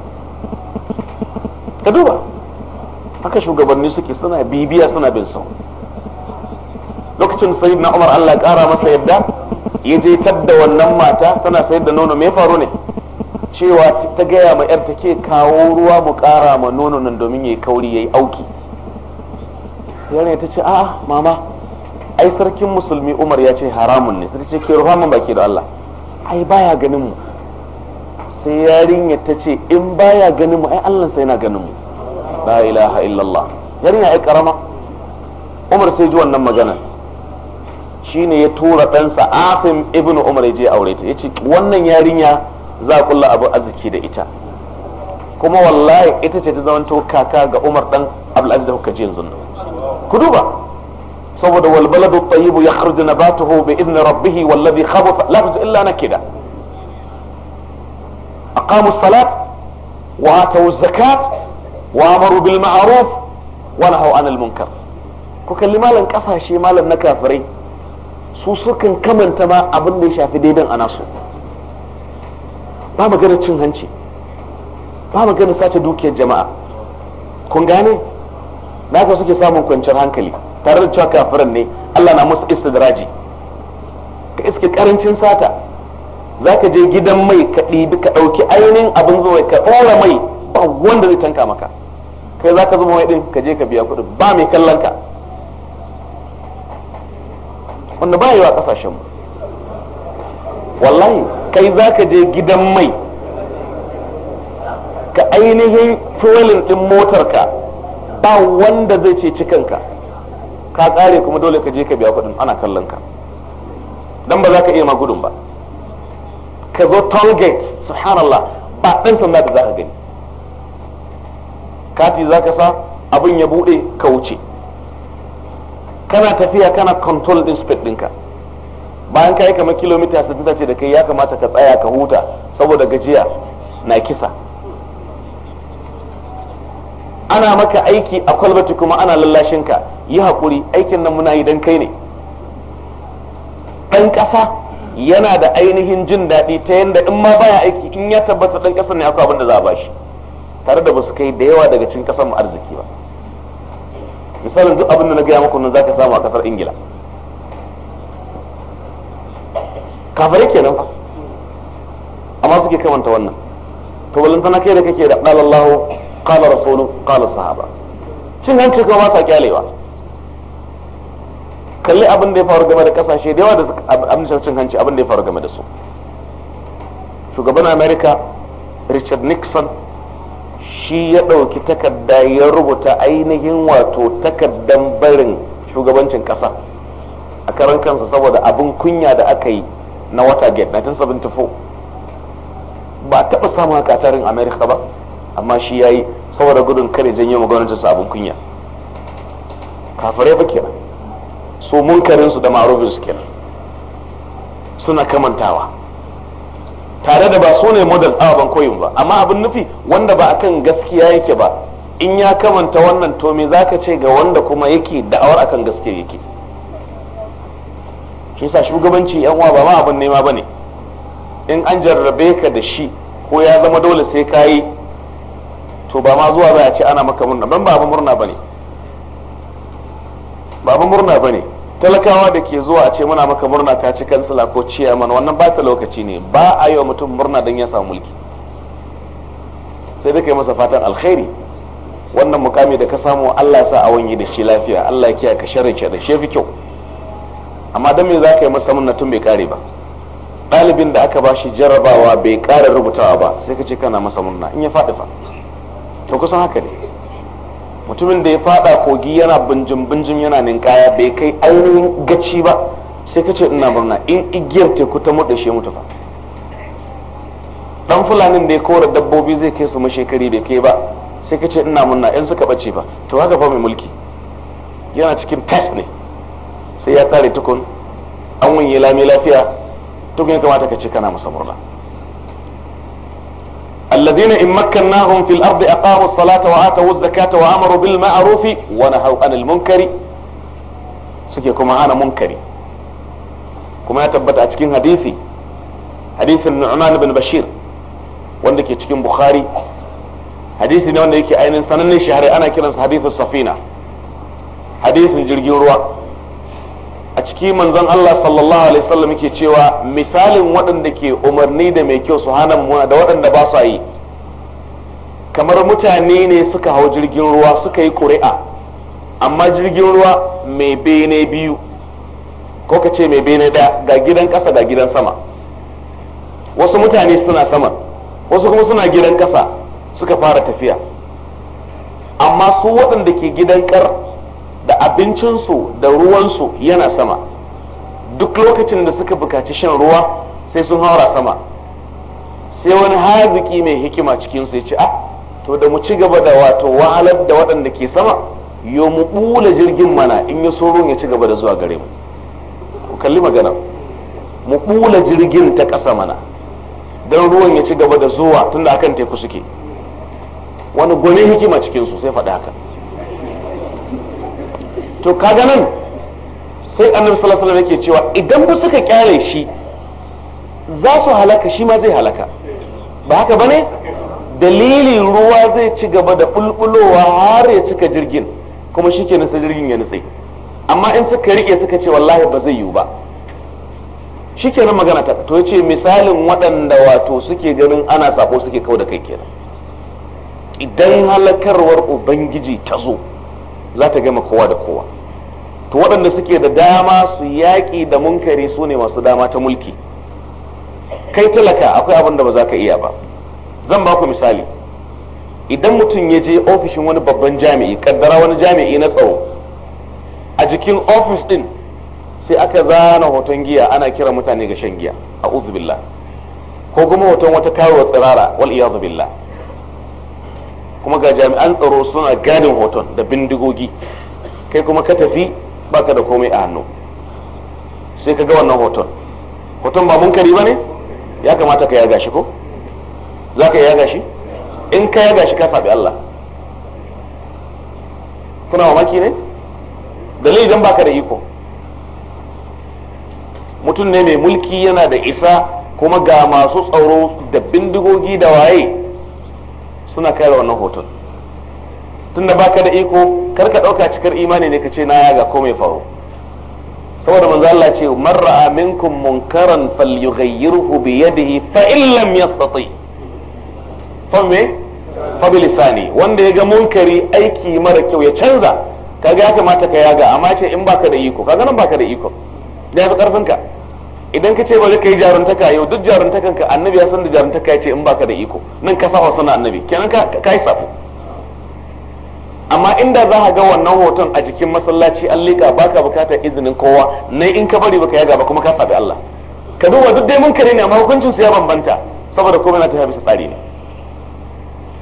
ka duba haka shugabanni suke suna bibiya suna bin sau lokacin sayyid na umar allah kara masa yadda ya je tadda wannan mata tana sayar da nono mai faru ne cewa ta gaya ma yar ke kawo ruwa mu kara ma nono nan domin yayi kauri yayi auki yare ta ce a'a mama ai sarkin musulmi umar ya ce haramun ne sai ce ke rufa baki da Allah ai baya ganin mu sai yarinya ta ce in baya ganin mu ai Allah sai yana ganin mu la ilaha illallah yarinya ai karama umar sai ji wannan magana shine ya tura ɗansa Asim ibn Umar ya je aure ta ce wannan yarinya za a kulla abu arziki da ita kuma wallahi ita ce ta zamanto kaka ga Umar dan Abdulaziz da kuka ji yanzu ku duba saboda wal baladu tayyib na nabatuhu bi idni rabbih wal ladhi khabutha la yuzil illa nakida aqamu as-salat wa atu zakat wa amaru bil ma'ruf wa nahaw 'anil munkar ku kalli malam kasashe malam na kafirai su sukan kamanta ma abin da ya shafi daidan ana nasu ba magana cin hanci ba magana sace dukiyar jama'a kun gane na suke samun kwanciyar hankali tare da cewa kafiran ne Allah na musu istidraji ka iske karancin sata zaka je gidan mai ka ɗibi ka ɗauki ainihin abin zuwa ka ɗora mai ba wanda zai tanka maka kai zaka zuba mai ɗin ka je ka biya kuɗin ba mai kallon ka wanda ba yi wa ƙasashen mu wallahi kai zaka je gidan mai ka ainihin fuelin ɗin motarka ba wanda zai ce cikinka ka tsare kuma dole ka je ka biya kuɗin ana kallon ka dan ba za ka iya ma gudun ba ka zo toll gate subhanallah ba dan sanda da za ka gani kati za ka sa abin ya bude ka wuce kana tafiya kana control din speed ɗinka bayan ka yi kamar kilomita 60 ce da kai ya kamata ka tsaya ka huta saboda gajiya na kisa ana maka aiki a kwalbati kuma ana lallashinka yi haƙuri aikin nan muna yi don kai ne ɗan ƙasa yana da ainihin jin daɗi ta yadda in ma baya aiki in ya tabbata ɗan ƙasa ne akwai abin da za a bashi tare da basu kai da yawa daga cikin ƙasar mu arziki ba misalin duk abin da na gaya muku nan ka samu a ƙasar ingila kafare kenan fa amma suke kamanta wannan to balantana kai da kake da ɗalallahu qala rasulu qala sahaba cin hanci kuma ba kyalewa kalli abin da ya faru game da kasashe da yawa da amincin cin hanci abin da ya faru game da su shugaban america richard nixon shi ya ɗauki takarda ya rubuta ainihin wato takardan barin shugabancin ƙasa a karan kansa saboda abin kunya da aka yi na watergate 1974 ba a taɓa samun haka tarin america ba amma shi ya yi saboda gudun kare janyo maganarsa abin kunya kafirai ba kenan so munkarin da marubin su kenan suna kamantawa tare da ba su ne model ababen koyin ba amma abin nufi wanda ba akan gaskiya yake ba in ya kamanta wannan to me zaka ce ga wanda kuma yake da'awar akan gaskiya yake shi sa shugabanci yan uwa ba ma abin nema ba ne in an jarrabe ka da shi ko ya zama dole sai ka yi to ba ma zuwa za a ce ana maka murna ban ba murna bane ba murna bane talakawa da ke zuwa a ce muna maka murna ka ci kansila ko ciyaman wannan ba ta lokaci ne ba a yi wa mutum murna don ya samu mulki sai dai kai masa fatan alkhairi wannan mukami da ka samu Allah sa a wani da shi lafiya Allah ya kiyaye ka shi da shi fi kyau amma dan me za ka yi masa murna tun bai kare ba ɗalibin da aka ba shi jarabawa bai ƙara rubutawa ba sai ka ce kana masa murna in ya faɗi fa to kusan haka ne mutumin da ya fada kogi yana binjin binjin yana ninkaya bai kai ainihin gaci ba sai ka ce ina murna in igiyar teku ta murɗe shi mutu fa dan fulanin da ya kora dabbobi zai kai su ma shekari bai kai ba sai ka ce ina murna in suka bace ba to haka fa mai mulki yana cikin test ne sai ya tare tukun an wunye lami lafiya tukun ya kamata ka ce kana masa murna الذين إن مكناهم في الأرض أقاموا الصلاة وآتوا الزكاة وأمروا بالمعروف ونهوا عن المنكر سكيكم أنا منكري كما يتبت أتكين حديثي حديث النعمان بن بشير وانك يتكين بخاري حديثي نوانا أين إنسان شهري أنا كنس حديث السفينة حديث جرجي a ciki manzon Allah sallallahu alaihi wasallam yake cewa misalin waɗanda ke umarni da mai kyau su hana da waɗanda ba su yi kamar mutane ne suka hau jirgin ruwa suka yi ƙuri'a amma jirgin ruwa mai bene biyu ko ka ce mai bene ɗaya ga gidan ƙasa ga gidan sama wasu mutane suna sama wasu kuma suna gidan ƙasa suka fara tafiya amma su waɗanda ke gidan ƙar da abincinsu da ruwansu yana sama duk lokacin da suka bukaci shan ruwa sai sun haura sama sai wani haziki mai hikima cikinsu ya ce a, ah, to da mu ci gaba da wato wahalar da waɗanda ke sama yo mu bula jirgin mana in ya so ya ci gaba da zuwa gare mu ku kalli magana mu bula jirgin ta ƙasa mana don ruwan ya ci gaba da zuwa tunda akan teku suke wani gwani hikima cikinsu sai faɗi haka to kaga nan sai annabi sallallahu alaihi wasallam yake cewa idan ba suka kyale shi za su halaka shi ma zai halaka ba haka bane dalilin ruwa zai ci gaba da bulbulowa har ya cika jirgin kuma shi ke nasa jirgin ya nutse amma in suka rike suka ce wallahi ba zai yiwu ba shi kenan magana ta to ce misalin waɗanda wato suke ganin ana sako suke kau da kai kenan idan halakarwar ubangiji ta zo za ta gama kowa da kowa to waɗanda suke da dama su yaƙi da munkari su ne masu dama ta mulki kai talaka akwai abin da ba za ka iya ba zan ba ku misali idan mutum ya je ofishin wani babban jami'i kaddara wani jami'i na tsawo, a jikin ofis din sai aka zana hoton giya ana kira mutane ga shan giya a uzubillah ko kuma hoton wata kawo tsirara wal zubillah. kuma ga jami'an tsaro suna gadin hoton da bindigogi kai kuma ka tafi baka da komai a hannu sai ka ga wannan hoton hoton ba munkari ba ne ya kamata ka yaga shi ko za ka yaga shi in ka yaga shi ka sabi Allah kuna mamaki ne dalili don baka da iko mutum ne mai mulki yana da isa kuma ga masu tsaro da bindigogi da waye suna kai wannan hoton tunda baka da iko kar ka dauka cikar imani ne ka ce na yaga ko mai faru saboda manzo Allah ce marra minkum munkaran falyughayyirhu bi yadihi fa in lam yastati fa me fa bi lisani wanda ya ga munkari aiki mara kyau ya canza kaga ya kamata ka yaga amma ce in baka da iko kaga nan baka da iko da yafi karfin ka idan ka ce bari ka yi jaruntaka yau duk jaruntakan ka annabi ya san da jaruntaka ya ce in baka da iko nan ka saba sana annabi kenan ka ka yi sabo amma inda za ka ga wannan hoton a jikin masallaci an liƙa baka bukata izinin kowa na in ka bari baka yaga ba kuma ka sabi Allah ka duba duk dai kare ne amma hukuncin su ya bambanta saboda komai na tafiya bisa tsari ne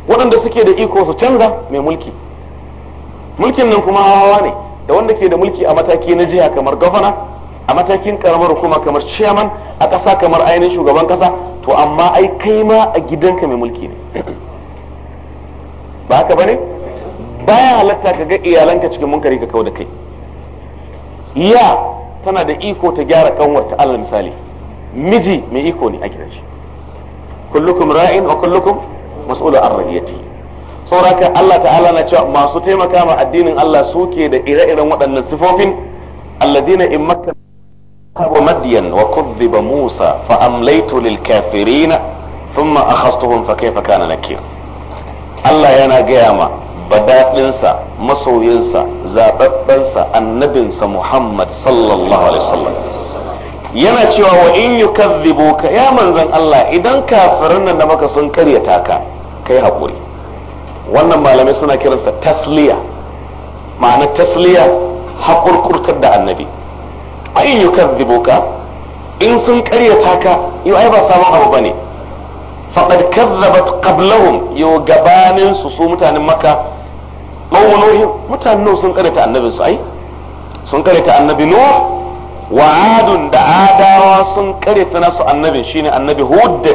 waɗanda suke da iko su canza mai mulki mulkin nan kuma hawa ne da wanda ke da mulki a mataki na jiha kamar gwamna a matakin karamar hukuma kamar chairman a ƙasa kamar ainihin shugaban ƙasa to amma ai kai ma a gidanka mai mulki ne ba haka bane baya halatta ka ga iyalanka cikin munkari ka kawo da kai ya tana da iko ta gyara kanwar ta Allah misali miji mai iko ne a gidan shi kullukum ra'in wa kullukum mas'ulun an ra'iyati sauraka Allah ta'ala na cewa masu taimaka ma addinin Allah suke da ire-iren waɗannan sifofin alladina in makka أصحاب مدين وكذب موسى فأمليت للكافرين ثم أخذتهم فكيف كان نكير الله يانا قيامة بداتنسا مسوينسا زاببنسا النبنسا محمد صلى الله عليه وسلم yana cewa wa in ka? ya manzon Allah idan kafirin nan da maka sun karyata ka kai hakuri wannan malamai suna kiransa tasliya ma'ana tasliya hakurkurtar da annabi a in yi ka? in sun karyata ka yau ai ba sabon abu ba ne? faɗar kazzabat ƙablahun yau gabanin su su mutanen maka mawunohi mutanen nau sun karyata annabin su ai sun karyata annabi nuh wa adun da adawa sun karyata nasu annabin shine annabi hud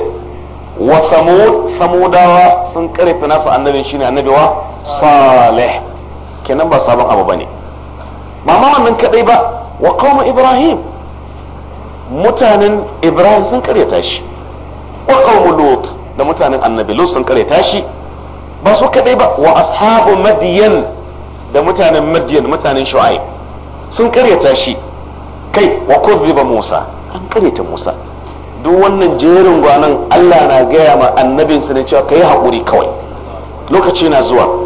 wa samud samudawa sun karyata nasu annabin shine annabi wa salih kenan ba sabon abu bane ba ma wannan kadai ba wa kawo ibrahim mutanen ibrahim sun karyata shi wa kawo lut da mutanen annabi lut sun karyata shi ba su kadai ba wa ashabu madiyan da mutanen madiyan mutanen shu'aib sun karyata shi kai wa kuzziba musa an karyata musa duk wannan jerin gwanan Allah na gaya ma annabinsa ne cewa ka yi haƙuri kawai lokaci na zuwa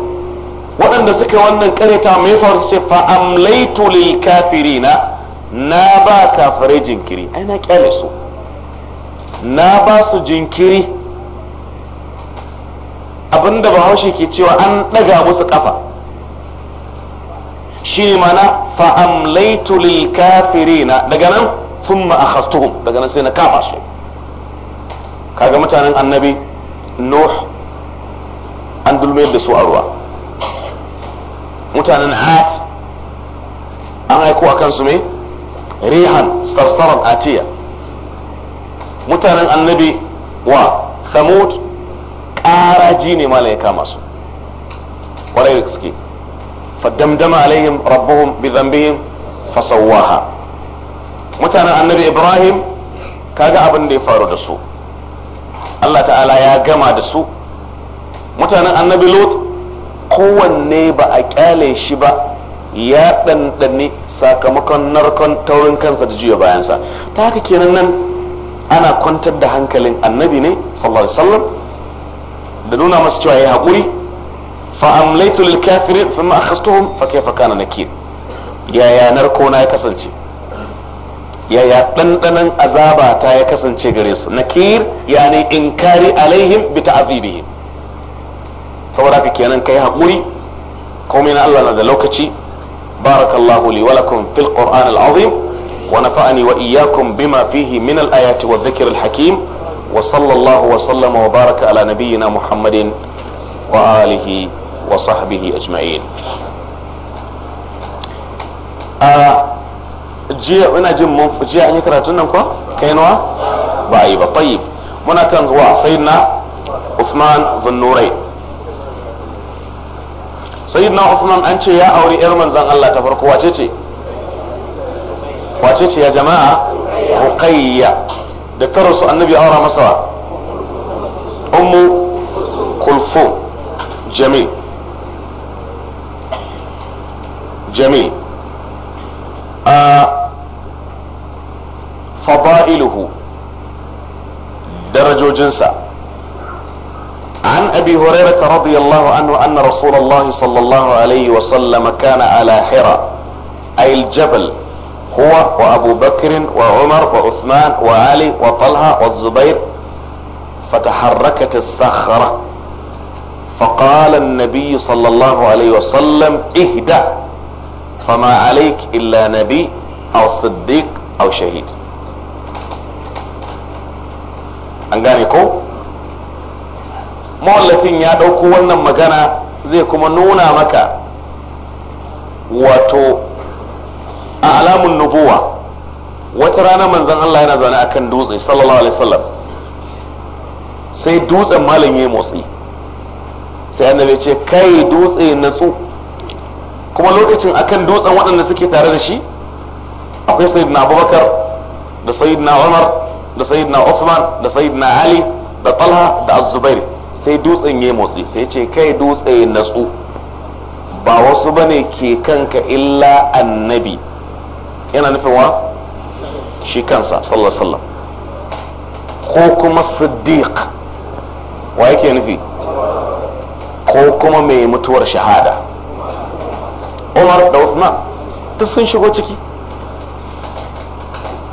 waɗanda suka wannan kareta mai faru ce fa amlaitu lil kafirina na ba kafirai jinkiri ai na kyale su na ba su jinkiri abinda bahaushe ke cewa an ɗaga musu ƙafa. shi mana fa amlaitu lil kafirina daga nan thumma akhastuhum daga nan sai na kama su kaga mutanen annabi nuh an dulmiyar da su a ruwa mutanen hat an aiko a kansu mai rihan sarsaran atiya mutanen annabi wa ƙara ƙaraji ne ma ya kama su ƙwarai da suke faddamdama alayhim rabbuhum bi zambihim fasawwaha mutanen annabi ibrahim kaga abin da ya faru da su Allah ta'ala ya gama da su mutanen annabi lut kowanne ba a kyale shi ba ya ɗanɗani sakamakon narkon taurin kansa da juya bayansa ta haka kenan nan ana kwantar da hankalin annabi ne sallallahu alaihi da nuna masa cewa ya haƙuri fa amlaitu lil kafirin thumma akhastuhum fa kayfa kana nakir yaya narko na ya kasance yaya ɗanɗanan azaba ta ya kasance gare su nakir yani inkari alaihim bi ta'adhibihim saboda haka kenan kai haƙuri komai na Allah na da lokaci barakallahu li wa lakum fil qur'an al azim wa nafa'ani wa iyyakum bima fihi min al ayati wa dhikr al hakim wa sallallahu wa sallama wa baraka ala nabiyyina muhammadin wa alihi wa sahbihi ajma'in a jiya ina jin mun jiya an yi karatun nan ko kai nawa ba yi ba tayyib muna kan zuwa sayyidina Uthman bin Nurayn na Uthman an ce ya auri yar manzan Allah ta farko wace ce wace ce ya jama'a Ruqayya da karasu rasu annabi aura masa ummu kulfu jamil jamil a fada'iluhu darajojinsa عن ابي هريرة رضي الله عنه ان رسول الله صلى الله عليه وسلم كان على حرى اي الجبل هو وابو بكر وعمر وعثمان وعلي وطلحة والزبير فتحركت الصخرة فقال النبي صلى الله عليه وسلم اهدى فما عليك الا نبي او صديق او شهيد an gane mawallafin ya ɗauko wannan magana zai kuma nuna maka wato a alamun nubuwa wata rana manzan Allah yana zaune akan dutse sallallahu alaihi wasallam sai dutsen malam ya motsi sai annabi ce kai dutse natsu kuma lokacin akan dutsen waɗanda suke tare da shi akwai sayyidina Abubakar da sayyidina Umar da sayyidina Uthman da sayyidina Ali da Talha da Az-Zubair sai dutsen ya motsi sai ce kai dutse natsu ba wasu ba ne ke kanka illa annabi yana nufin wa shi kansa sallasallam ko kuma siddiq wa yake nufi ko kuma mai mutuwar shahada umar da uthman duk sun shigo ciki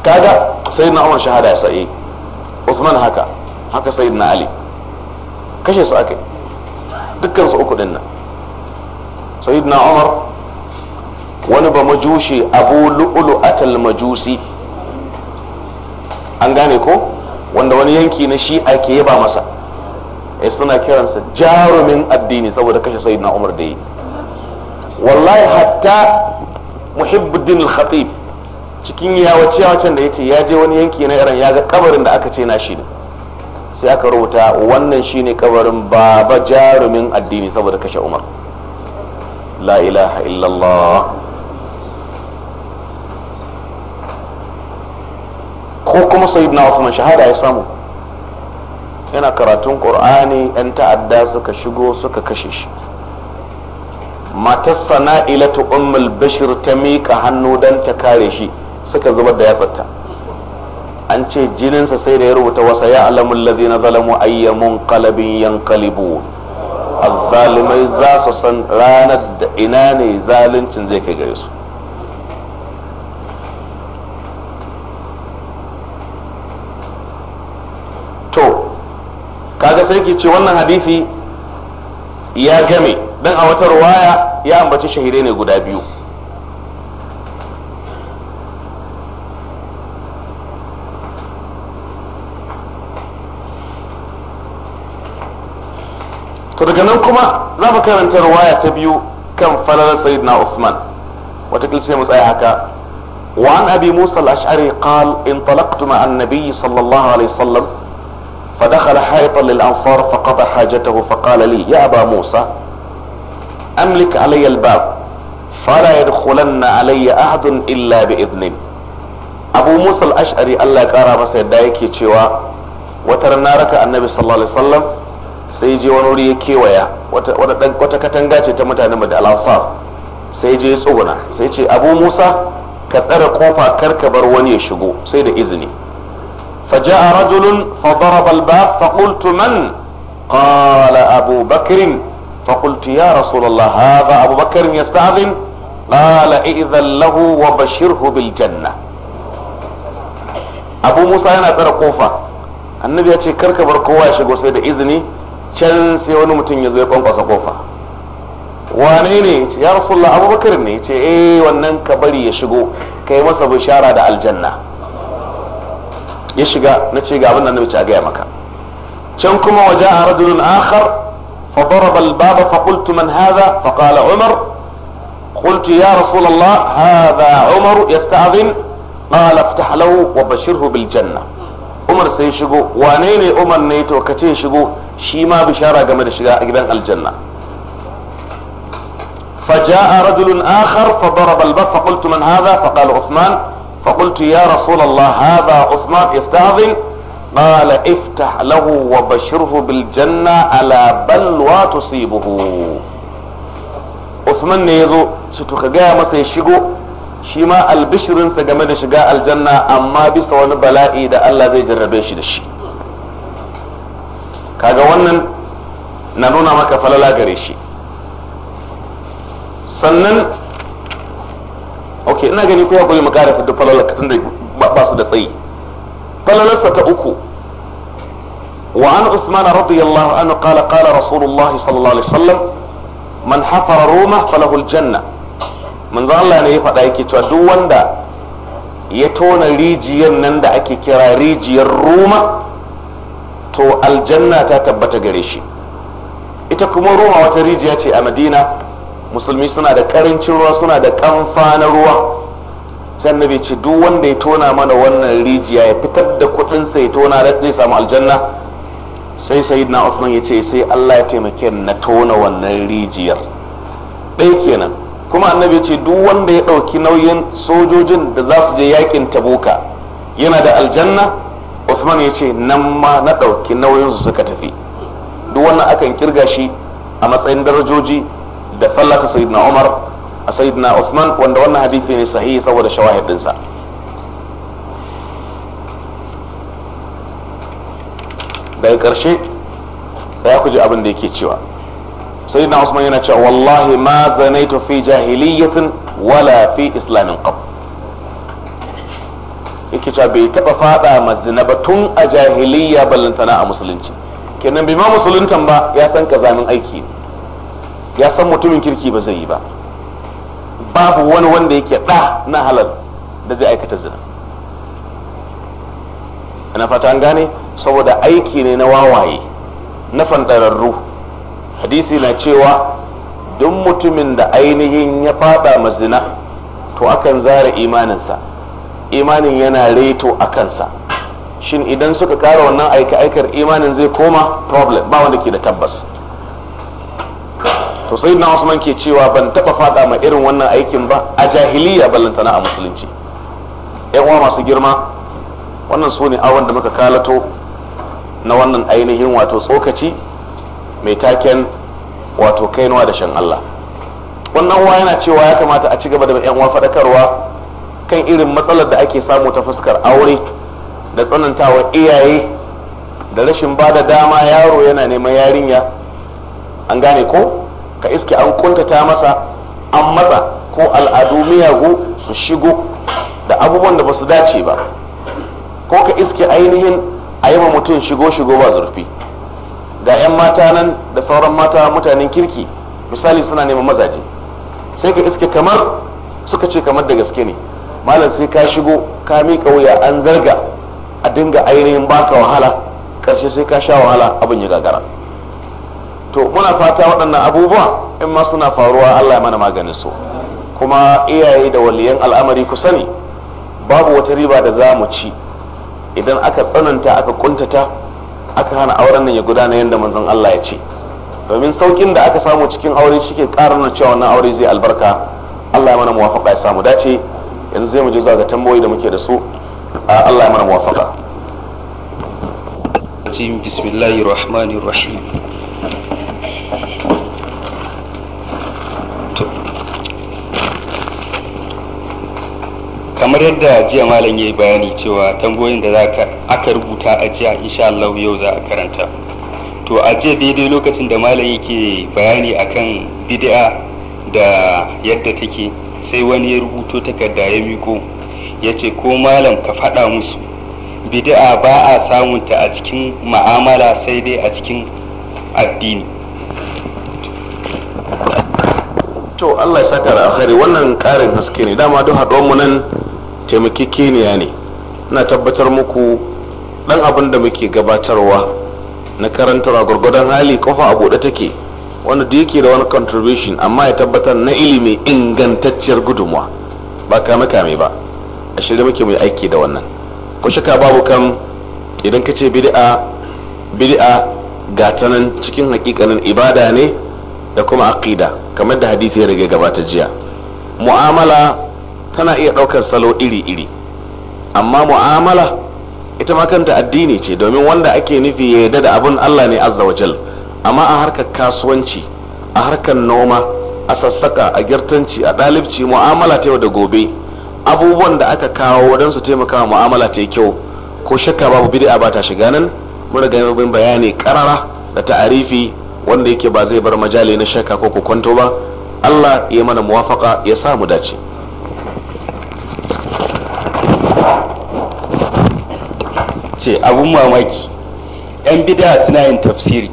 kaga sai na umar shahada ya sa'i eh. usman haka haka sai na ali kashe su aka yi dukkan su uku dinnan sayyidina umar wani ba majushi abu lu'ulu atal majusi an gane ko wanda wani yanki na shi ake yaba masa ya eh, suna kiransa jarumin addini saboda kashe sayyidina umar da yi wallahi hatta muhibbuddin al-khatib cikin yawa ciyawacin da ce ya je wani yanki na iran ya ga kabarin da aka ce na shi ne sai aka rubuta wannan shine kabarin baba jarumin addini saboda kashe umar la ilaha illallah ko kuma sayyidina Uthman shahada ya samu yana karatun qur'ani yan ta'adda suka shigo suka kashe shi matar sana'ilatu ummul bashir ta miƙa hannu don ta kare shi suka zubar da yatsarta an ce jininsa sai da ya rubuta wasa ya alamun na zalamu ayyamun kalabin yankalibu zalimai za su san ranar da ina ne zaluncin zai kai gare su to kaga sai ki ce wannan hadisi ya game don a wata ruwaya ya ambaci shahire ne guda biyu to daga nan kuma za mu karanta ruwaya ta biyu kan falalar sayyidina Uthman watakil sai mu tsaya haka وعن ابي موسى الاشعري قال انطلقت مع النبي صلى الله عليه وسلم فدخل حائطا للانصار فقضى حاجته فقال لي يا ابا موسى املك علي الباب فلا يدخلن علي احد الا باذن ابو موسى الاشعري الله يقرا masa yadda yake cewa wata rana raka annabi sallallahu alaihi wasallam sai je wani wuri ya kewaya wata katanga ce ta mutanen da al'asar sai je tsuguna sai ce abu musa ka tsare kofa kar ka bar wani ya shigo sai da izini فجاء رجل فضرب الباب فقلت من قال ابو بكر فقلت يا رسول الله هذا ابو بكر يستاذن قال ائذن له وبشره بالجنه ابو موسى yana tsara kofa annabi ya ce karka bar kowa ya shigo sai da izini can sai wani mutum ya zo ya kwankwasa kofa wane ne ya rasulullah abubakar ne ce eh wannan ka bari ya shigo kai masa bishara da aljanna ya shiga na ce ga abin nan da a gaya maka can kuma waje a rajulun akhar فضرب الباب man من هذا فقال عمر قلت يا رسول الله هذا عمر يستأذن قال افتح له وبشره بالجنة umar sai shigo wane ne umar ne to ka ce shigo shi ma bishara game da shiga gidan aljanna فجاء رجل آخر فضرب الباب فقلت من هذا فقال عثمان فقلت يا رسول الله هذا عثمان يستأذن قال افتح له وبشره بالجنة على بلوى تصيبه عثمان ne yazo su to masa shigo shi ma albishirinsa game da shiga aljanna amma bisa wani bala'i da Allah zai jarrabe shi da shi kaga wannan na nuna maka falala gare shi sannan ok ina gani kowa ya makarasa duk falalar katin da ba su da tsayi falalarsa ta uku wa an usman radiyallahu anhu qala qala rasulullahi sallallahu alaihi wasallam man hafara roma falahu aljanna manzo Allah ne ya faɗa yake cewa duk wanda ya tona rijiyar nan da ake kira rijiyar ruma to aljanna ta tabbata gare shi ita kuma ruma wata rijiya ce a madina musulmi suna da karancin ruwa suna da kamfa na ruwa sai annabi ce duk wanda ya tona mana wannan rijiya ya fitar da kuɗin sai tona da zai samu aljanna sai sayyidina Usman ya ce sai Allah ya taimake na tona wannan rijiyar ɗaya kenan kuma annabi ce duk wanda ya ɗauki nauyin sojojin da za su je yakin tabuka yana da aljanna Usman ya ce nan ma na ɗauki nauyin su suka tafi duk wannan akan kirga shi a matsayin darajoji da fallata sayyidina Umar a sayyidina Usman wanda wannan hadisi ne sahihi saboda sa daga ƙarshe sai ku ji abin da yake cewa sai na usman yana cewa wallahi ma zanaitu fi jahiliyatin wala fi islamin qab yake cewa bai taba fada mazina ba tun a jahiliya ballantana a musulunci kenan bai ma musuluntan ba ya san kazanin aiki ya san mutumin kirki ba zai yi ba babu wani wanda yake da na halal da zai aikata zina ina fata an gane saboda aiki ne na wawaye na fandararru hadisi na cewa duk mutumin da ainihin ya fada mazina to akan zara imaninsa imanin yana reto a kansa shin idan suka kara wannan aika-aikar imanin zai koma problem ba wanda ke da tabbas to sai na Usman ke cewa ban taba fada ma irin wannan aikin ba a jahiliya ballantana a musulunci yan uwa masu girma wannan su ne awon da muka kalato na wannan ainihin wato tsokaci mai taken wato kainuwa da shan Allah wannan uwa yana cewa ya kamata a ci gaba da yan faɗakarwa kan irin matsalar da ake samu ta fuskar aure da tsanantawa iyaye da rashin ba da dama yaro yana neman yarinya an gane ko ka iske an kuntata masa an matsa ko al'adu miyagu su shigo da abubuwan da ba su dace ba ko ka iske ainihin a yi mutum shigo shigo ba zurfi ga 'yan mata nan da sauran mata mutanen kirki misali suna neman mazaje sai ka iske kamar suka ce kamar da gaske ne malam sai ka shigo ka miƙa wuya an zarga a dinga ainihin baka wahala ƙarshe sai ka sha wahala abin ya gagara to muna fata waɗannan abubuwa in ma suna faruwa Allah ya mana maganin su kuma iyaye da waliyan al'amari ku sani babu wata riba da za mu ci idan aka tsananta aka kuntata aka hana auren nan ya gudana yadda manzon Allah ya ce domin saukin da aka samu cikin aure ke ƙara na cewa wannan aure zai albarka Allah ya mana muwafaka ya samu dace yanzu zai mu je zuwa ga tambayoyi da muke da su Allah ya mana muwafaka bismillahir rahmanir rahim kamar yadda jiya malam ya yi bayani cewa tambayoyin da zaka aka rubuta a jiya insha Allah yau za a karanta to a jiya daidai lokacin da malam yake bayani akan bid'a da yadda take sai wani ya rubuto takarda ya miko ya ce ko malam ka faɗa musu bid'a ba a samun ta a cikin ma'amala sai dai a cikin addini to Allah ya saka da alkhairi wannan karin haske ne dama duk haɗuwar mu nan taimakekeniya ne ina tabbatar muku ɗan abin da muke gabatarwa na karantarwa gwargwadon hali kofa a buɗe take wanda da yake da wani contribution amma ya tabbatar na ilimi ingantacciyar gudunmuwa ba kame kame ba a shirya muke mai aiki da wannan ko shaka babu kan idan ka ce bid'a bid'a gata cikin hakikanin ibada ne da kuma aqida kamar da hadisi ya rage gabata jiya mu'amala tana iya ɗaukar salo iri-iri amma mu'amala ita ma kanta addini ce domin wanda ake nufi ya yarda da abin Allah ne azza wajal amma a harkar kasuwanci a harkar noma a sassaka a girtanci a ɗalibci mu'amala ta yau da gobe abubuwan da aka kawo don su taimaka wa mu'amala ta kyau ko shakka babu bid'a ba ta shiga nan mun riga yin bayani karara da ta'arifi wanda yake ba zai bar majali na shakka ko kwanto ba Allah ya mana muwafaka ya sa mu dace ce abun mamaki yan bid'a suna yin tafsiri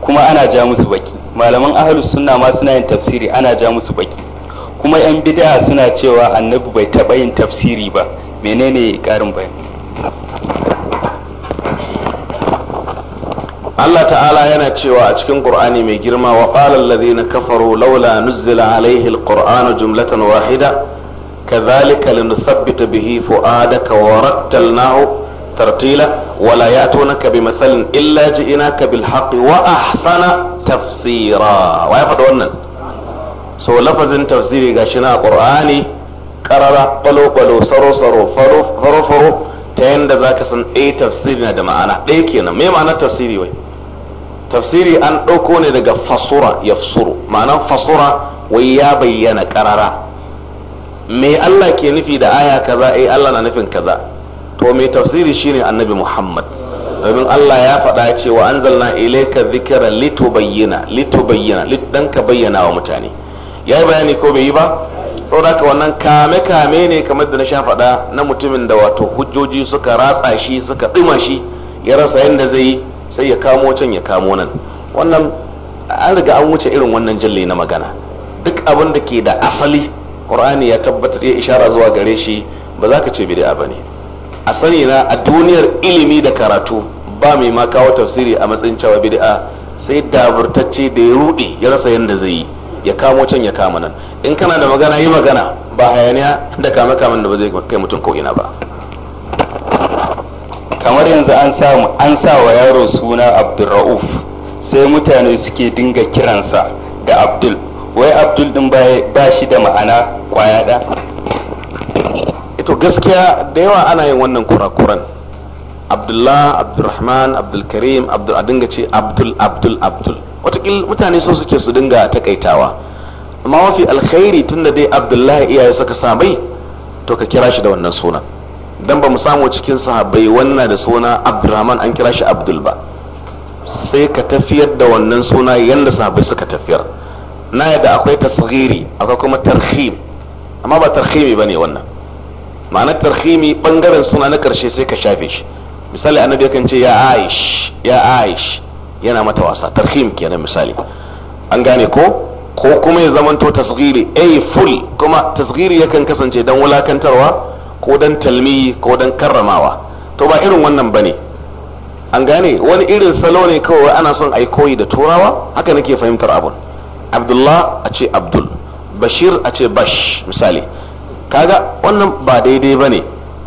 kuma ana ja musu baki malaman ahlus sunna ma suna yin tafsiri ana ja musu baki kuma yan bid'a suna cewa annabi bai taɓa yin tafsiri ba menene ƙarin bayani Allah ta'ala yana cewa a cikin Qur'ani mai girma wa qala alladhina kafaru laula nuzila alaihi alquran jumlatan wahida kadhalika linuthabbita bihi fu'adaka wa rattalnahu tartila wala yatunaka bimathalin illa ji'inaka bil haqqi wa ahsana tafsira wannan so lafazin tafsiri gashi na qur'ani karara kwalo kwalo saro saro faro faro ta yanda zaka san ɗaya eh, tafsiri na da ma'ana ɗaya kenan me ma'anar tafsiri wai tafsiri an ɗauko ne daga fasura yafsuru ma'anar fasura wai ya bayyana karara me Allah ke nufi da aya kaza eh Allah na nufin kaza to mai tafsiri shine annabi muhammad domin allah ya faɗa ya ce wa anzalna bayyana dhikra lito litubayyana dan ka bayyana wa mutane ya yi bayani ko bai yi ba saboda wannan kame kame ne kamar da na sha faɗa na mutumin da wato hujjoji suka ratsa shi suka ɗuma shi ya rasa yadda zai yi sai ya kamo can ya kamo nan wannan an riga an wuce irin wannan jalle na magana duk abin da ke da asali qur'ani ya tabbatar ya ishara zuwa gare shi ba za ka ce ba ne. a sani na a duniyar ilimi da karatu ba mai ma kawo tafsiri a matsayin cewa bid'a sai davurtacce da ya rude ya rasa yadda zai yi ya kamo can ya kama nan in kana da magana yi magana ba hayaniya da kama kaman da ba zai kai mutum ko ina ba kamar yanzu an samu an sa wa yaro suna ra'uf sai mutane suke dinga kiransa da abdul wai abdul din ba shi da ma'ana kwaya ito gaskiya da yawa ana yin wannan kurakuran abdullah abdulrahman abdulkarim abdul a dinga ce abdul abdul abdul watakil mutane so suke su dinga takaitawa amma mafi alkhairi tunda dai abdullahi iyaye suka samai to ka kira shi da wannan sunan dan ba mu samu cikin sahabbai wannan da suna abdulrahman an kira shi abdul ba sai ka tafiyar da wannan suna yadda sahabbai suka tafiyar na yadda akwai tasghiri akwai kuma tarhim amma ba tarhimi bane wannan ma'anar tarhimi bangaren suna na karshe sai ka shafe shi misali annabi yakan ce ya aish ya aish yana mata wasa tarhim kenan misali an gane ko ko kuma ya zamanto tasghiri ay full kuma tasghiri yakan kasance dan wulakantarwa ko dan talmiyi ko dan karramawa to ba irin wannan bane an gane wani irin salo ne kawai ana son ai koyi da turawa haka nake fahimtar abun abdullah a ce abdul bashir a ce bash misali kaga wannan ba daidai ba ne,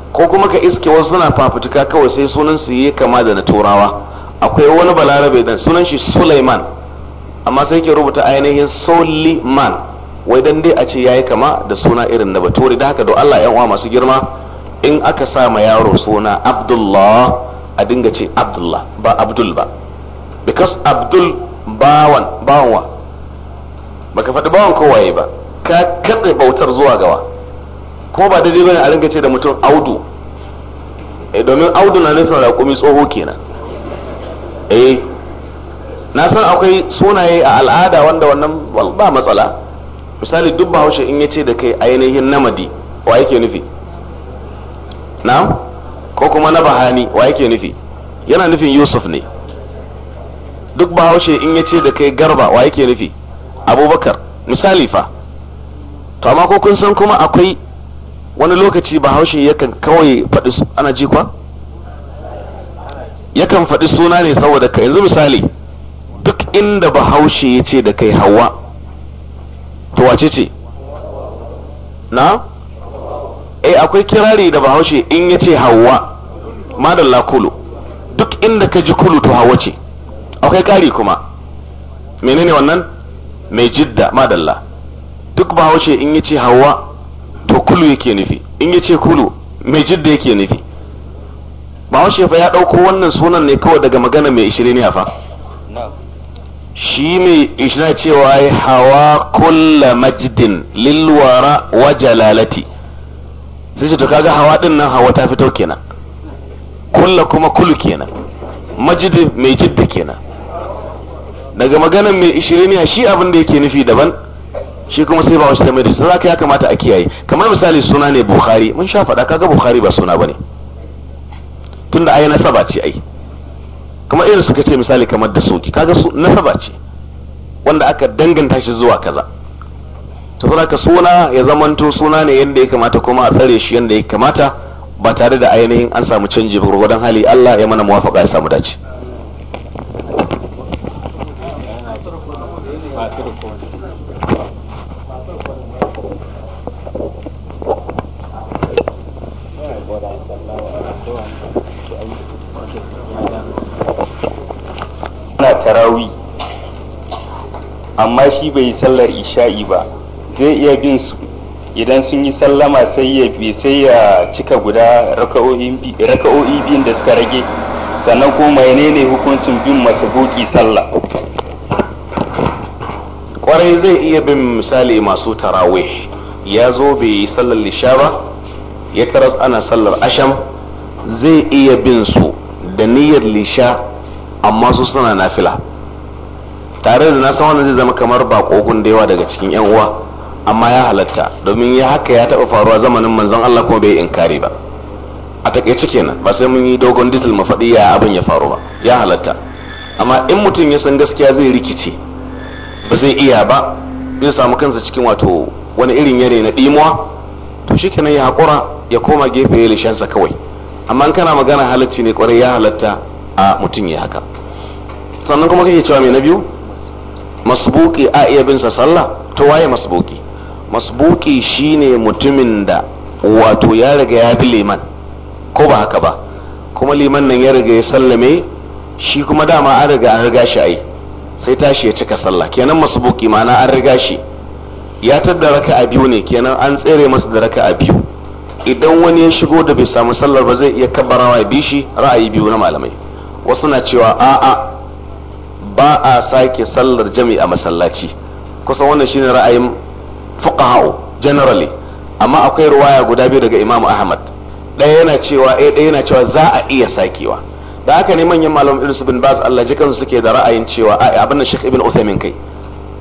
ko kuma ka iske wasu suna fafutuka kawai sai sunan su yi kama da na turawa akwai wani balarabe dan sunan shi Sulaiman amma sai ke rubuta ainihin Suleiman, wai dan dai a ce yayi kama da suna irin na bature da haka don Allah yan uwa masu girma in aka sa ma yaro suna Abdullah a dinga ce Abdullah ba Abdul ba because Abdul bawan bawan wa baka faɗi bawan kowaye ba ka katse bautar zuwa gawa ko ba daidai bane a rinka ce da mutum audu eh, domin audu na nufin raƙumi tsoho kenan eh na san akwai sunaye a al'ada wanda wannan ba matsala misali duk bahaushe in ya ce da kai ainihin namadi wa yake nufi na ko kuma na bahani wa yake nufi yana nufin yusuf ne duk bahaushe in ya ce da kai garba wa yake nufi abubakar misali fa to amma ko kun san kuma akwai wani lokaci bahaushe yakan kawai faɗi ana ji kwa yakan faɗi suna ne saboda ka yanzu misali duk inda bahaushe ya ce da kai hawa to wace ce na eh akwai kirari da bahaushe in ya ce hawa madalla kulu duk inda ka ji kulu to hawa ce akwai kari kuma menene wannan mai jidda madalla duk bahaushe in ya ce hawa to kulu yake nufi in ya ce kulu mai jidda yake nufi bahaushe fa ya ɗauko wannan sunan ne kawai daga magana mai ne fa shi mai ishira cewa ya hawa kulla majidin lilwara wa jalalati sai ce to kaga hawa din nan hawa ta fito kenan kulla kuma kulu kenan majid mai jidda kenan daga magana mai ya shi abin da yake nufi daban shi kuma sai ba wasu mai da shi ya kamata a kiyaye kamar misali suna ne bukhari mun sha faɗa kaga bukhari ba suna bane tunda ai nasaba ce ai kuma irin suka ce misali kamar da soki kaga su nasaba ce wanda aka danganta shi zuwa kaza to ka suna ya zamanto suna ne yanda ya kamata kuma a tsare shi yanda ya kamata ba tare da ainihin an samu canji ba gwargwadon hali Allah ya mana muwafaka ya samu dace bai yi sallar isha'i ba zai iya bin su idan sun yi sallama sai ya bi sai ya cika guda raka'o'i biyun da suka rage sannan ko kuma ne hukuncin bin masu buki sallah kwarai zai iya bin misali masu tarawe ya zo bai yi sallar lisha ba ya karas ana sallar asham zai iya bin su da niyyar lisha amma su suna nafila tare da na san wannan zai zama kamar bakogun da yawa daga cikin yan uwa amma ya halatta domin ya haka ya taba faruwa zamanin manzon Allah kuma bai inkari ba a takaice kenan ba sai mun yi dogon dizil mu faɗi ya abin ya faru ba ya halatta amma in mutum ya san gaskiya zai rikice ba zai iya ba zai samu kansa cikin wato wani irin yare na dimuwa to shikenan ya hakura ya koma gefe ya lishansa kawai amma in kana magana halacci ne kwarai ya halatta a mutum ya haka sannan kuma kake cewa mai na biyu masbuki a iya bin sa sallah to waye masbuki masbuki shine mutumin da wato ya riga ya bi liman ko ba haka ba kuma liman nan ya riga ya sallame shi kuma dama an riga an riga shi ai sai tashi ya cika sallah kenan masbuki ma'ana an riga shi ya tadda raka a biyu ne kenan an tsere masa da raka a biyu idan wani ya shigo da bai samu sallar ba zai iya kabbarawa ya bi shi ra'ayi biyu na malamai wasu na cewa a'a ba a sake sallar jami a masallaci kusan wannan shine ra'ayin fuqaha'u generally amma akwai ruwaya guda biyu daga Imam Ahmad ɗaya yana cewa eh ɗaya yana cewa za a iya sakewa da haka ne manyan malaman irin su bin Baz Allah kansu suke da ra'ayin cewa a abin nan Sheikh Ibn Uthaymeen kai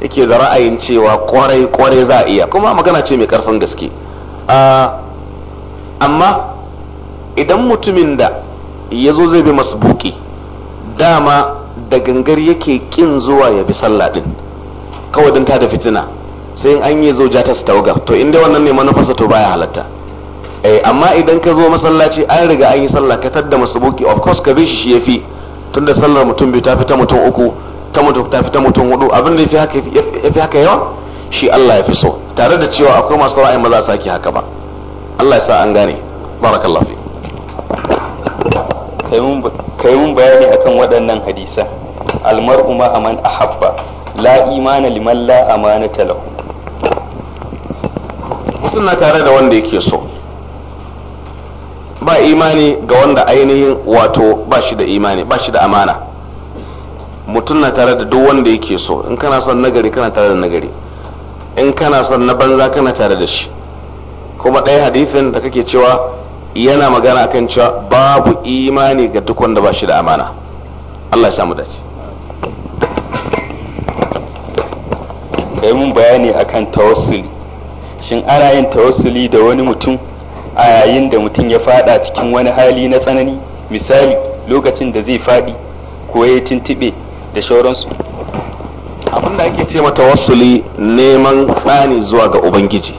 yake da ra'ayin cewa kwarai kwarai za a iya kuma magana ce mai karfin gaske amma idan mutumin da ya zo zai bi masbuki dama da gangar yake kin zuwa ya bi sallah din kawai don ta da fitina sai in an yi zo ja ta tawaga to inda wannan ne manufarsa to baya halatta eh amma idan ka zo masallaci an riga an yi sallah ka tadda masubuki of course ka bi shi shi yafi tunda sallar mutum biyu ta fita mutum uku ta mutum ta fita mutum hudu abin da yafi haka yafi haka yawa shi Allah ya fi so tare da cewa akwai masu ra'ayin ba za su saki haka ba Allah ya sa an gane barakallahu fi kai mun bayani akan waɗannan hadisan almar'u ma aman ahabba la imana liman la amana talahu mutum na tare da wanda yake so ba imani ga wanda ainihin wato ba shi da imani ba shi da amana mutum na tare da duk wanda yake so in kana son nagari kana tare da nagari in kana son na banza kana tare da shi kuma ɗaya hadithin da kake cewa yana magana akan cewa babu imani ga duk wanda ba shi da amana Allah ya samu dace ka mun bayani akan tawassuli shin ana yin tawassuli da wani mutum a yayin da mutum ya fada cikin wani hali na tsanani misali lokacin da zai faɗi ko ya tintibe da shauransu abin da ake ce mata wasuli neman tsani zuwa ga ubangiji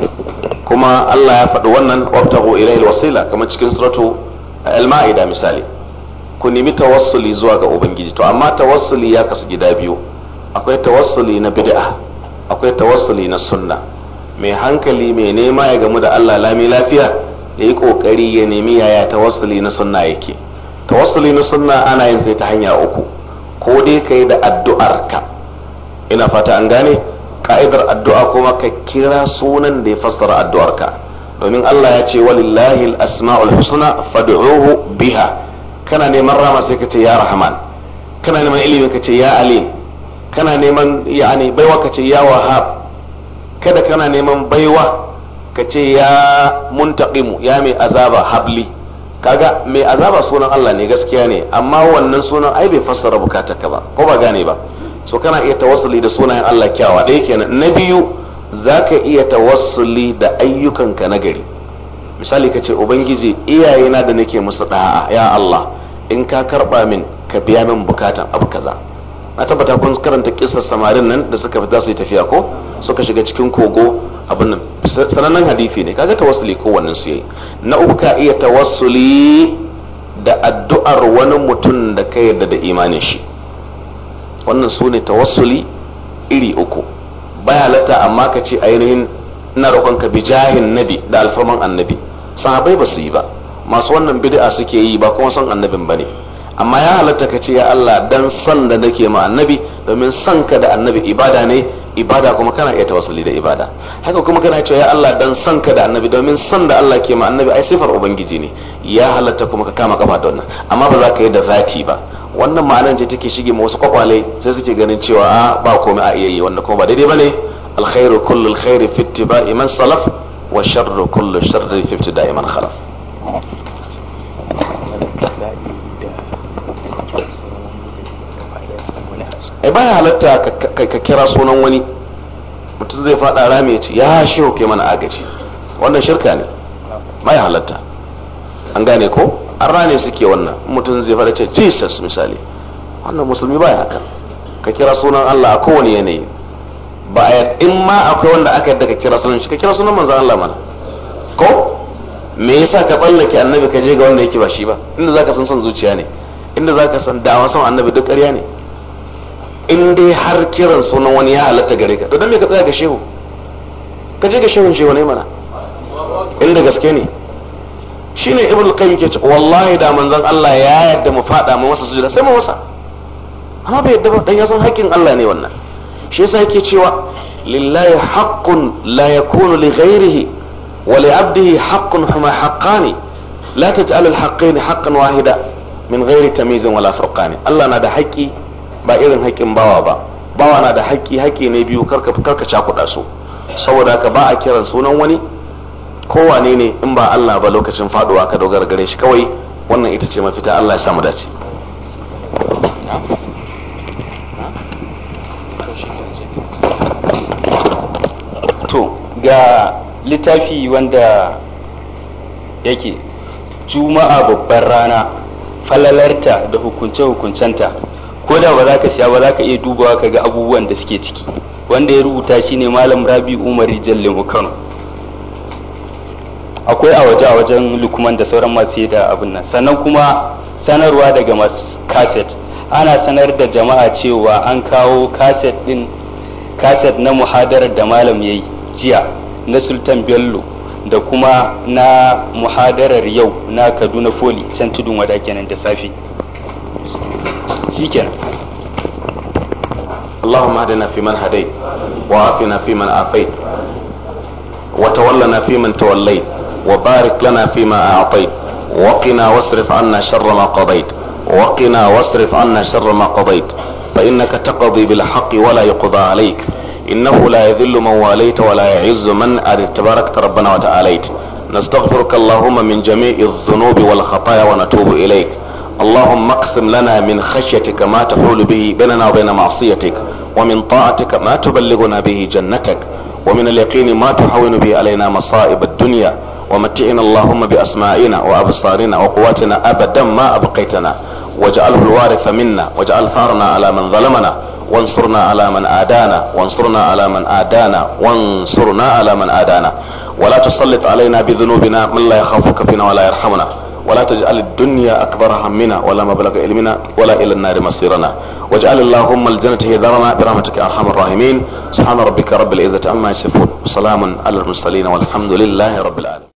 kuma allah ya faɗi wannan wabtahu ilayhi wasila kamar cikin suratu al-ma'ida misali ku nemi tawassuli zuwa ga ubangiji to amma tawassuli ya kasu gida biyu akwai tawassuli na bid'a akwai tawassuli na sunna mai hankali mai nema ya gamu da Allah lami lafiya yayi yi kokari ya nemi yaya tawassuli na sunna yake tawassuli na sunna ana yin sai ta hanya uku ko dai kai da addu'arka. ka ina fata an gane ka'idar addu'a kuma ka kira sunan da ya fassara addu'arka. domin Allah ya ce walillahi al-asma'ul husna fad'uhu biha kana neman rama sai ka ce ya rahman kana neman ilimi ka ce ya alim kana neman yani baiwa ka ce ya wahab kada kana neman baiwa ka ce ya muntaqimu ya mai azaba habli kaga mai azaba sunan Allah ne gaskiya ne amma wannan sunan ai bai fassara bukatarka ba ko ba gane ba so kana iya tawassuli da sunayen Allah kyawa dai kenan na biyu zaka iya tawassuli da ayyukanka na gari misali ka ce ubangiji iyayena da nake musu da'a ya Allah in ka karba min ka biya min bukatan abu kaza na tabbata kun karanta kisar samarin nan da suka fita su yi tafiya ko suka shiga cikin kogo abin nan sanannen hadisi ne kaga tawassuli ko wannan su yayi na uku ka iya tawassuli da addu'ar wani mutum da ka yarda da imanin shi wannan su ne tawassuli iri uku baya lata amma ka ce ainihin ina roƙonka bi jahin nabi da alfarman annabi sahabai ba su yi ba masu wannan bid'a suke yi ba kuma son annabin ba ne amma ya halatta ka ce ya Allah dan san da nake ma annabi domin san ka da annabi ibada ne ibada kuma kana iya tawassuli da ibada haka kuma kana cewa ya Allah dan san ka da annabi domin san da Allah ke ma annabi ai sifar ubangiji ne ya halatta kuma ka kama kafa da wannan amma ba za ka yi da zati ba wannan ma'anar ce take shige ma wasu kwakwale sai suke ganin cewa a ah, ba komai a iya yi wannan kuma ba daidai bane alkhairu kullu alkhairi fi ittiba'i man salaf wa sharru kullu sharri fi ibtida'i man khalaf ai baya halatta ka kira sunan wani mutum zai faɗa rami ya ce ya shehu ke mana agaji wannan shirka ne baya halatta an gane ko an rane suke wannan mutum zai faɗa ce jesus misali wannan musulmi baya hakan ka kira sunan allah a kowane yanayi ba a in ma akwai wanda aka yadda ka kira sunan shi ka kira sunan manzo Allah mana ko me yasa ka tsallake annabi ka je ga wanda yake ba shi ba inda zaka san san zuciya ne inda zaka san dawa san annabi duk ƙarya ne in dai har kiran sunan wani ya halatta gare ka to dan me ka tsaya ga shehu ka je ga shehun shehu ne mana inda gaske ne shine ibnu qayyim ke ce wallahi da manzon Allah ya yadda mu fada mu masa sujuda sai mu masa amma bai yadda ba dan ya san haƙƙin Allah ne wannan shi yasa yake cewa lillahi haqqun la yakunu li ghayrihi wa li 'abdihi haqqun huma haqqani la taj'al al haqqaini haqqan wahida min ghayri tamyizin wala furqani Allah na da haƙƙi ba irin haƙƙin bawa ba bawa na da haƙƙi haƙƙi ne biyu karka karka cakuɗa su saboda haka ba a kiran sunan wani kowane ne in ba Allah ba lokacin faduwa ka dogara gare shi kawai wannan ita ce mafita Allah ya samu dace ga littafi wanda yake juma'a babbar rana falalarta da hukunce-hukuncenta ko da ba za ka siya ba za ka iya dubawa ka ga abubuwan da suke ciki wanda ya rubuta shi ne malam rabi umar jalle kano akwai a waje a wajen lukman da sauran masu da abin nan sannan kuma sanarwa daga masu kaset ana sanar da jama'a cewa an kawo kaset din kaset na muhadarar da malam ya yi jiya na sultan bello da kuma na muhadarar yau na kaduna foli can tudun wada kenan da safe shikenan اللهم اهدنا فيمن هديت وعافنا فيمن عافيت وتولنا فيمن توليت وبارك لنا فيما اعطيت وقنا واصرف عنا شر ما قضيت وقنا واصرف عنا شر ما قضيت فانك تقضي بالحق ولا يقضى عليك إنه لا يذل من واليت ولا يعز من أردت تباركت ربنا وتعاليت نستغفرك اللهم من جميع الذنوب والخطايا ونتوب إليك اللهم اقسم لنا من خشيتك ما تحول به بيننا وبين معصيتك ومن طاعتك ما تبلغنا به جنتك ومن اليقين ما تحول به علينا مصائب الدنيا ومتعنا اللهم بأسمائنا وأبصارنا وقواتنا أبدا ما أبقيتنا واجعله الوارث منا واجعل ثارنا على من ظلمنا وانصرنا على من آدانا وانصرنا على من آدانا وانصرنا على من آدانا ولا تسلط علينا بذنوبنا من لا يخافك فينا ولا يرحمنا ولا تجعل الدنيا أكبر همنا ولا مبلغ علمنا ولا إلى النار مصيرنا واجعل اللهم الجنة هي ذرنا برحمتك يا أرحم الراحمين سبحان ربك رب العزة عما يصفون وسلام على المرسلين والحمد لله رب العالمين